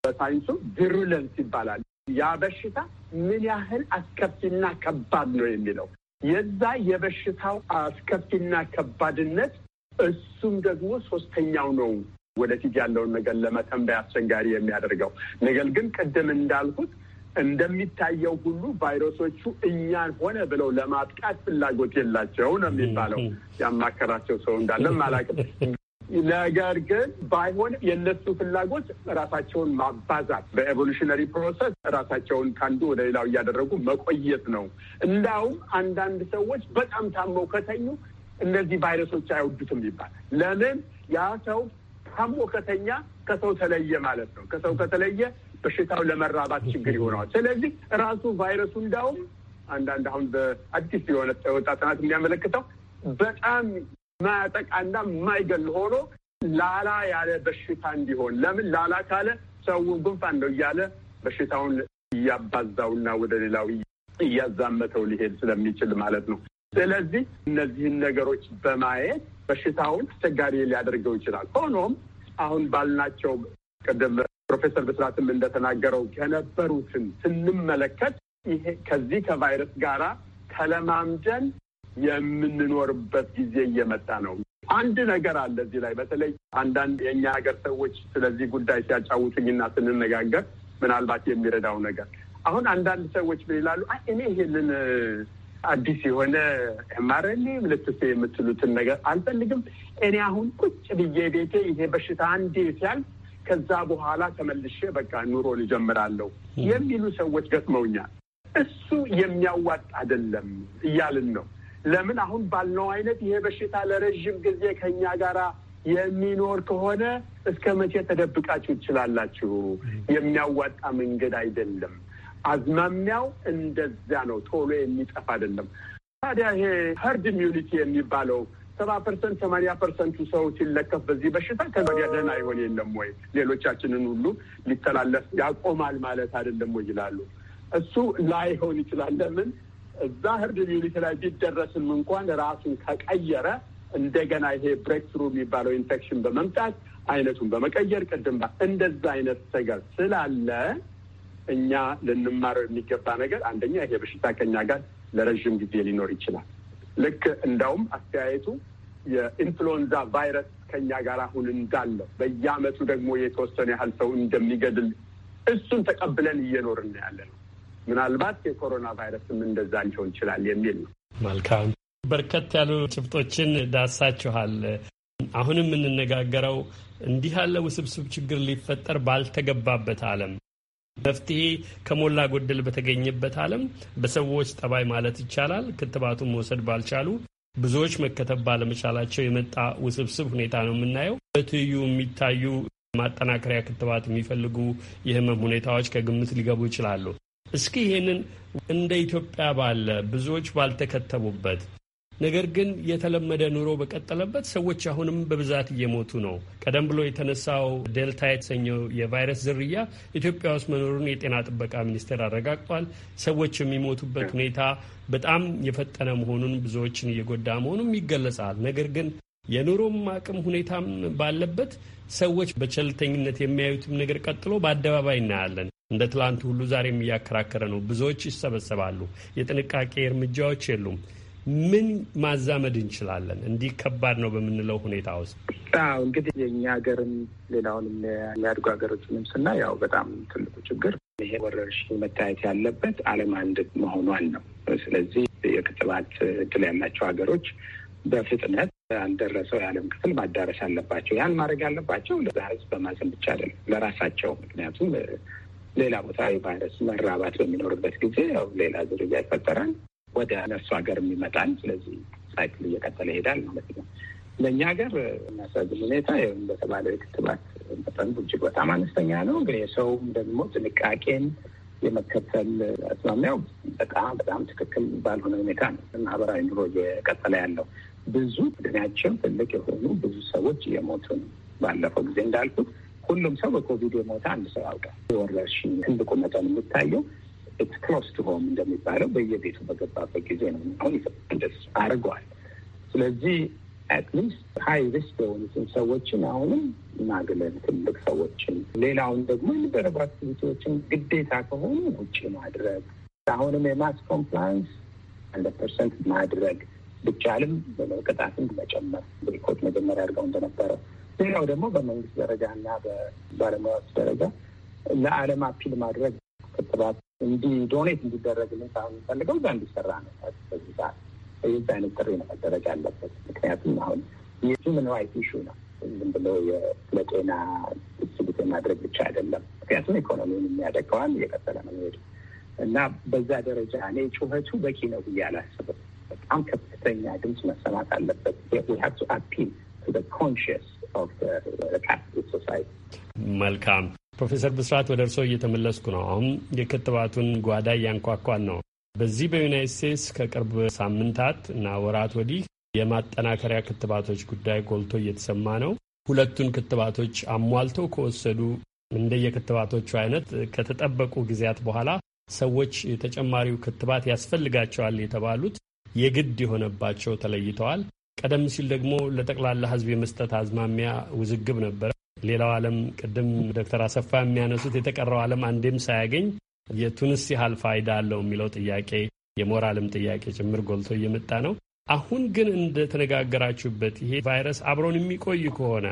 በሳይንሱ ቪሩለንስ ይባላል። ያ በሽታ ምን ያህል አስከፊና ከባድ ነው የሚለው የዛ የበሽታው አስከፊና ከባድነት እሱም ደግሞ ሶስተኛው ነው ወደፊት ያለውን ነገር ለመተንበይ አስቸጋሪ የሚያደርገው ነገር ግን ቅድም እንዳልኩት እንደሚታየው ሁሉ ቫይረሶቹ እኛን ሆነ ብለው ለማጥቃት ፍላጎት የላቸው ነው የሚባለው። ያማከራቸው ሰው እንዳለም አላውቅም። ነገር ግን ባይሆን የእነሱ ፍላጎት ራሳቸውን ማባዛት በኤቮሉሽነሪ ፕሮሰስ ራሳቸውን ከአንዱ ወደ ሌላው እያደረጉ መቆየት ነው። እንዳውም አንዳንድ ሰዎች በጣም ታመው ከተኙ እነዚህ ቫይረሶች አይወዱትም ይባል። ለምን ያ ሰው ታሞ ከተኛ ከሰው ተለየ ማለት ነው። ከሰው ከተለየ በሽታው ለመራባት ችግር ይሆነዋል። ስለዚህ ራሱ ቫይረሱ እንዳውም አንዳንድ አሁን በአዲስ የሆነ ወጣ ጥናት የሚያመለክተው በጣም ማያጠቃና ማይገል ሆኖ ላላ ያለ በሽታ እንዲሆን ለምን ላላ ካለ ሰው ጉንፋን ነው እያለ በሽታውን እያባዛውና ወደ ሌላው እያዛመተው ሊሄድ ስለሚችል ማለት ነው። ስለዚህ እነዚህን ነገሮች በማየት በሽታውን አስቸጋሪ ሊያደርገው ይችላል። ሆኖም አሁን ባልናቸው ቅድም ፕሮፌሰር ብስራትም እንደተናገረው የነበሩትን ስንመለከት ይሄ ከዚህ ከቫይረስ ጋራ ተለማምደን የምንኖርበት ጊዜ እየመጣ ነው። አንድ ነገር አለ እዚህ ላይ በተለይ አንዳንድ የእኛ ሀገር ሰዎች ስለዚህ ጉዳይ ሲያጫውቱኝና ስንነጋገር ምናልባት የሚረዳው ነገር አሁን አንዳንድ ሰዎች ምን ይላሉ? እኔ ይህንን አዲስ የሆነ ማረኒ ምልክት የምትሉትን ነገር አልፈልግም። እኔ አሁን ቁጭ ብዬ ቤቴ ይሄ በሽታ አንዴ ሲያልፍ ከዛ በኋላ ተመልሼ በቃ ኑሮ ልጀምራለሁ የሚሉ ሰዎች ገጥመውኛል። እሱ የሚያዋጣ አይደለም እያልን ነው። ለምን አሁን ባልነው አይነት ይሄ በሽታ ለረዥም ጊዜ ከኛ ጋር የሚኖር ከሆነ እስከ መቼ ተደብቃችሁ ትችላላችሁ? የሚያዋጣ መንገድ አይደለም። አዝማሚያው እንደዛ ነው። ቶሎ የሚጠፋ አይደለም። ታዲያ ይሄ ሀርድ ኢሚዩኒቲ የሚባለው ሰባ ፐርሰንት ሰማኒያ ፐርሰንቱ ሰው ሲለከፍ በዚህ በሽታ ከወዲያ ደህና ይሆን የለም ወይ ሌሎቻችንን ሁሉ ሊተላለፍ ያቆማል ማለት አይደለም ወይ ይላሉ። እሱ ላይሆን ይችላል። ለምን እዛ ህርድ ዩኒት ላይ ቢደረስም እንኳን ራሱን ከቀየረ እንደገና ይሄ ብሬክትሩ የሚባለው ኢንፌክሽን በመምጣት አይነቱን በመቀየር ቅድም እንደዛ አይነት ነገር ስላለ እኛ ልንማረው የሚገባ ነገር አንደኛ ይሄ በሽታ ከኛ ጋር ለረዥም ጊዜ ሊኖር ይችላል። ልክ እንዳውም አስተያየቱ የኢንፍሉዌንዛ ቫይረስ ከኛ ጋር አሁን እንዳለው በየአመቱ ደግሞ የተወሰነ ያህል ሰው እንደሚገድል እሱን ተቀብለን እየኖርን ያለ ነው። ምናልባት የኮሮና ቫይረስም እንደዛ ሊሆን ይችላል የሚል ነው። መልካም በርከት ያሉ ጭብጦችን ዳሳችኋል። አሁንም የምንነጋገረው እንዲህ ያለ ውስብስብ ችግር ሊፈጠር ባልተገባበት ዓለም መፍትሄ ከሞላ ጎደል በተገኘበት ዓለም በሰዎች ጠባይ ማለት ይቻላል ክትባቱን መውሰድ ባልቻሉ ብዙዎች መከተብ ባለመቻላቸው የመጣ ውስብስብ ሁኔታ ነው የምናየው። በትይዩ የሚታዩ ማጠናከሪያ ክትባት የሚፈልጉ የህመም ሁኔታዎች ከግምት ሊገቡ ይችላሉ። እስኪ ይህንን እንደ ኢትዮጵያ ባለ ብዙዎች ባልተከተቡበት ነገር ግን የተለመደ ኑሮ በቀጠለበት ሰዎች አሁንም በብዛት እየሞቱ ነው። ቀደም ብሎ የተነሳው ዴልታ የተሰኘው የቫይረስ ዝርያ ኢትዮጵያ ውስጥ መኖሩን የጤና ጥበቃ ሚኒስቴር አረጋግጧል። ሰዎች የሚሞቱበት ሁኔታ በጣም የፈጠነ መሆኑን፣ ብዙዎችን እየጎዳ መሆኑም ይገለጻል። ነገር ግን የኑሮም አቅም ሁኔታም ባለበት ሰዎች በቸልተኝነት የሚያዩትም ነገር ቀጥሎ በአደባባይ እናያለን። እንደ ትላንቱ ሁሉ ዛሬም እያከራከረ ነው። ብዙዎች ይሰበሰባሉ። የጥንቃቄ እርምጃዎች የሉም። ምን ማዛመድ እንችላለን? እንዲህ ከባድ ነው በምንለው ሁኔታ ውስጥ አዎ እንግዲህ የእኛ ሀገርም ሌላውን የሚያድጉ ሀገሮችንም ስና ያው በጣም ትልቁ ችግር ይሄ ወረርሽኝ መታየት ያለበት ዓለም አንድ መሆኗን ነው። ስለዚህ የክትባት እድል ያላቸው ሀገሮች በፍጥነት ያልደረሰው የዓለም ክፍል ማዳረስ አለባቸው። ያን ማድረግ ያለባቸው ለዛ በማዘን ብቻ አይደለም፣ ለራሳቸው ምክንያቱም ሌላ ቦታ የቫይረስ መራባት በሚኖርበት ጊዜ ያው ሌላ ዝርያ ይፈጠራል። ወደ ነሱ ሀገር የሚመጣል። ስለዚህ ሳይክል እየቀጠለ ይሄዳል ማለት ነው። ለእኛ ሀገር የሚያሳዝን ሁኔታ በተባለው የክትባት መጠን እጅግ በጣም አነስተኛ ነው። ግን የሰውም ደግሞ ጥንቃቄን የመከተል አስማሚያው በጣም በጣም ትክክል ባልሆነ ሁኔታ ነው ማህበራዊ ኑሮ እየቀጠለ ያለው። ብዙ ዕድሜያቸው ትልቅ የሆኑ ብዙ ሰዎች እየሞቱ ነው። ባለፈው ጊዜ እንዳልኩት ሁሉም ሰው በኮቪድ የሞተ አንድ ሰው ያውቃል። ወረርሽኝ ትልቁ መጠን የሚታየው ኤክስክሮስ ሆም እንደሚባለው በየቤቱ በገባበት ጊዜ ነው አሁን እንደሱ አድርገዋል። ስለዚህ አትሊስት ሀይ ሪስክ የሆኑትን ሰዎችን አሁንም ማግለል ትልቅ ሰዎችን፣ ሌላውን ደግሞ የሊበረብ አክቲቪቲዎችን ግዴታ ከሆኑ ውጭ ማድረግ አሁንም የማስ ኮምፕላንስ አንድ ፐርሰንት ማድረግ ብቻልም ቅጣትን መጨመር ሪኮርድ መጀመሪያ አድርገው እንደነበረው። ሌላው ደግሞ በመንግስት ደረጃ እና በባለሙያዎች ደረጃ ለዓለም አፒል ማድረግ ክትባት እንዲ ዶኔት እንዲደረግልን ሳይሆን የሚፈልገው እዛ እንዲሰራ ነው። በዚህ ሰዓት በዚህ አይነት ጥሪ ነው መደረግ ያለበት። ምክንያቱም አሁን የሂውመን ራይት ኢሹ ነው። ዝም ብሎ ለጤና ዲስትሪቢዩት ማድረግ ብቻ አይደለም። ምክንያቱም ኢኮኖሚውን የሚያደገዋል እየቀጠለ ነው እና በዛ ደረጃ እኔ ጩኸቱ በቂ ነው ብዬ አላስብም። በጣም ከፍተኛ ድምፅ መሰማት አለበት። ሀብቱ አፒል ኮንሽስ ኦፍ ካፒታል ሶሳይቲ መልካም ፕሮፌሰር ብስራት ወደ እርስዎ እየተመለስኩ ነው። አሁን የክትባቱን ጓዳ እያንኳኳን ነው። በዚህ በዩናይት ስቴትስ ከቅርብ ሳምንታት እና ወራት ወዲህ የማጠናከሪያ ክትባቶች ጉዳይ ጎልቶ እየተሰማ ነው። ሁለቱን ክትባቶች አሟልተው ከወሰዱ እንደየክትባቶቹ አይነት ከተጠበቁ ጊዜያት በኋላ ሰዎች የተጨማሪው ክትባት ያስፈልጋቸዋል የተባሉት የግድ የሆነባቸው ተለይተዋል። ቀደም ሲል ደግሞ ለጠቅላላ ሕዝብ የመስጠት አዝማሚያ ውዝግብ ነበረ። ሌላው ዓለም ቅድም ዶክተር አሰፋ የሚያነሱት የተቀረው ዓለም አንዴም ሳያገኝ የቱንስ ያህል ፋይዳ አለው የሚለው ጥያቄ የሞራልም ጥያቄ ጭምር ጎልቶ እየመጣ ነው። አሁን ግን እንደተነጋገራችሁበት ይሄ ቫይረስ አብሮን የሚቆይ ከሆነ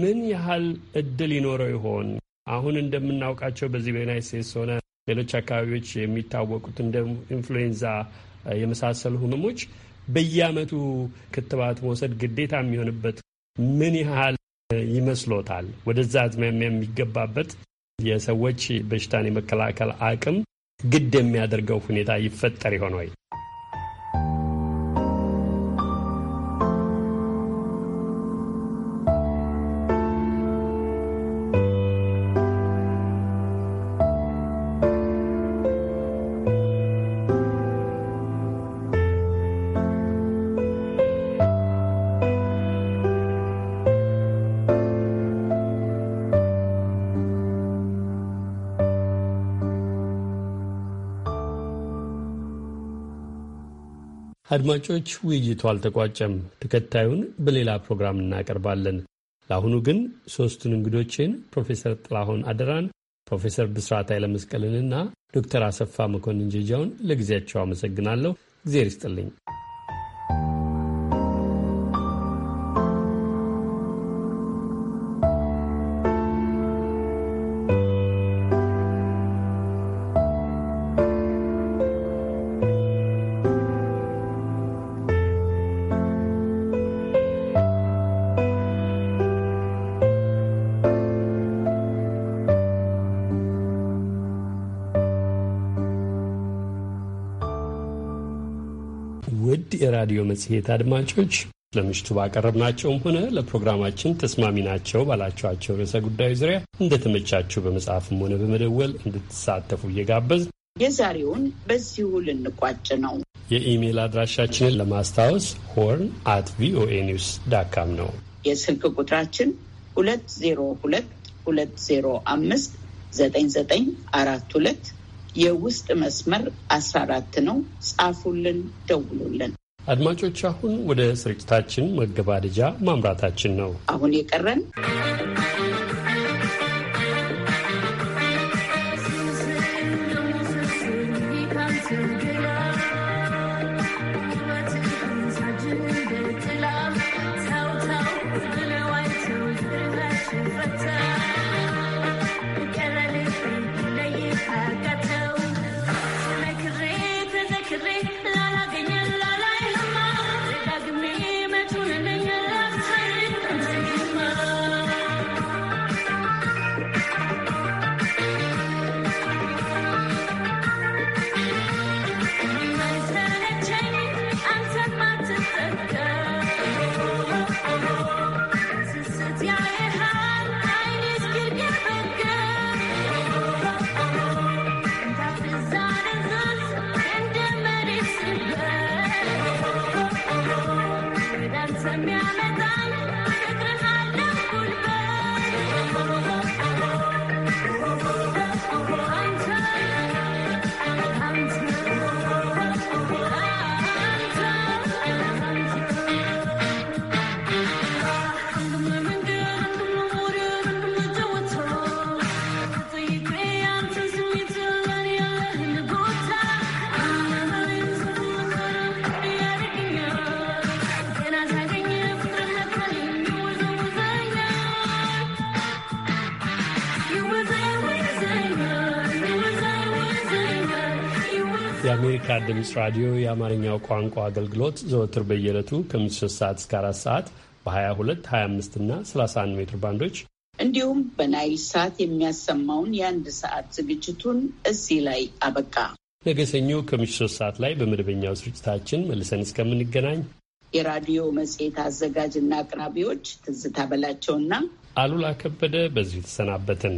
ምን ያህል እድል ይኖረው ይሆን? አሁን እንደምናውቃቸው በዚህ በዩናይት ስቴትስ ሆነ ሌሎች አካባቢዎች የሚታወቁት እንደ ኢንፍሉዌንዛ የመሳሰሉ ህመሞች በየአመቱ ክትባት መውሰድ ግዴታ የሚሆንበት ምን ያህል ይመስሎታል? ወደዛ አዝማሚያ የሚገባበት የሰዎች በሽታን የመከላከል አቅም ግድ የሚያደርገው ሁኔታ ይፈጠር ይሆን ወይ? አድማጮች፣ ውይይቱ አልተቋጨም። ተከታዩን በሌላ ፕሮግራም እናቀርባለን። ለአሁኑ ግን ሦስቱን እንግዶችን ፕሮፌሰር ጥላሁን አደራን፣ ፕሮፌሰር ብስራት ኃይለመስቀልንና ዶክተር አሰፋ መኮንን ጀጃውን ለጊዜያቸው አመሰግናለሁ። እግዜር ይስጥልኝ። መጽሔት አድማጮች ለምሽቱ ባቀረብናቸውም ሆነ ለፕሮግራማችን ተስማሚ ናቸው ባላቸዋቸው ርዕሰ ጉዳዮች ዙሪያ እንደተመቻችሁ በመጽሐፍም ሆነ በመደወል እንድትሳተፉ እየጋበዝ የዛሬውን በዚሁ ልንቋጭ ነው። የኢሜይል አድራሻችንን ለማስታወስ ሆርን አት ቪኦኤ ኒውስ ዳካም ነው። የስልክ ቁጥራችን ሁለት ዜሮ ሁለት ሁለት ዜሮ አምስት ዘጠኝ ዘጠኝ አራት ሁለት የውስጥ መስመር አስራ አራት ነው። ጻፉልን፣ ደውሉልን። አድማጮች፣ አሁን ወደ ስርጭታችን መገባደጃ ማምራታችን ነው። አሁን የቀረን ድምፅ ራዲዮ የአማርኛው ቋንቋ አገልግሎት ዘወትር በየዕለቱ ከምሽቱ 3 ሰዓት እስከ 4 ሰዓት በ22፣ 25 እና 31 ሜትር ባንዶች እንዲሁም በናይል ሳት የሚያሰማውን የአንድ ሰዓት ዝግጅቱን እዚህ ላይ አበቃ። ነገ ሰኞ ከምሽቱ 3 ሰዓት ላይ በመደበኛው ስርጭታችን መልሰን እስከምንገናኝ የራዲዮ መጽሔት አዘጋጅና አቅራቢዎች ትዝታ በላቸውና አሉላ ከበደ በዚሁ የተሰናበትን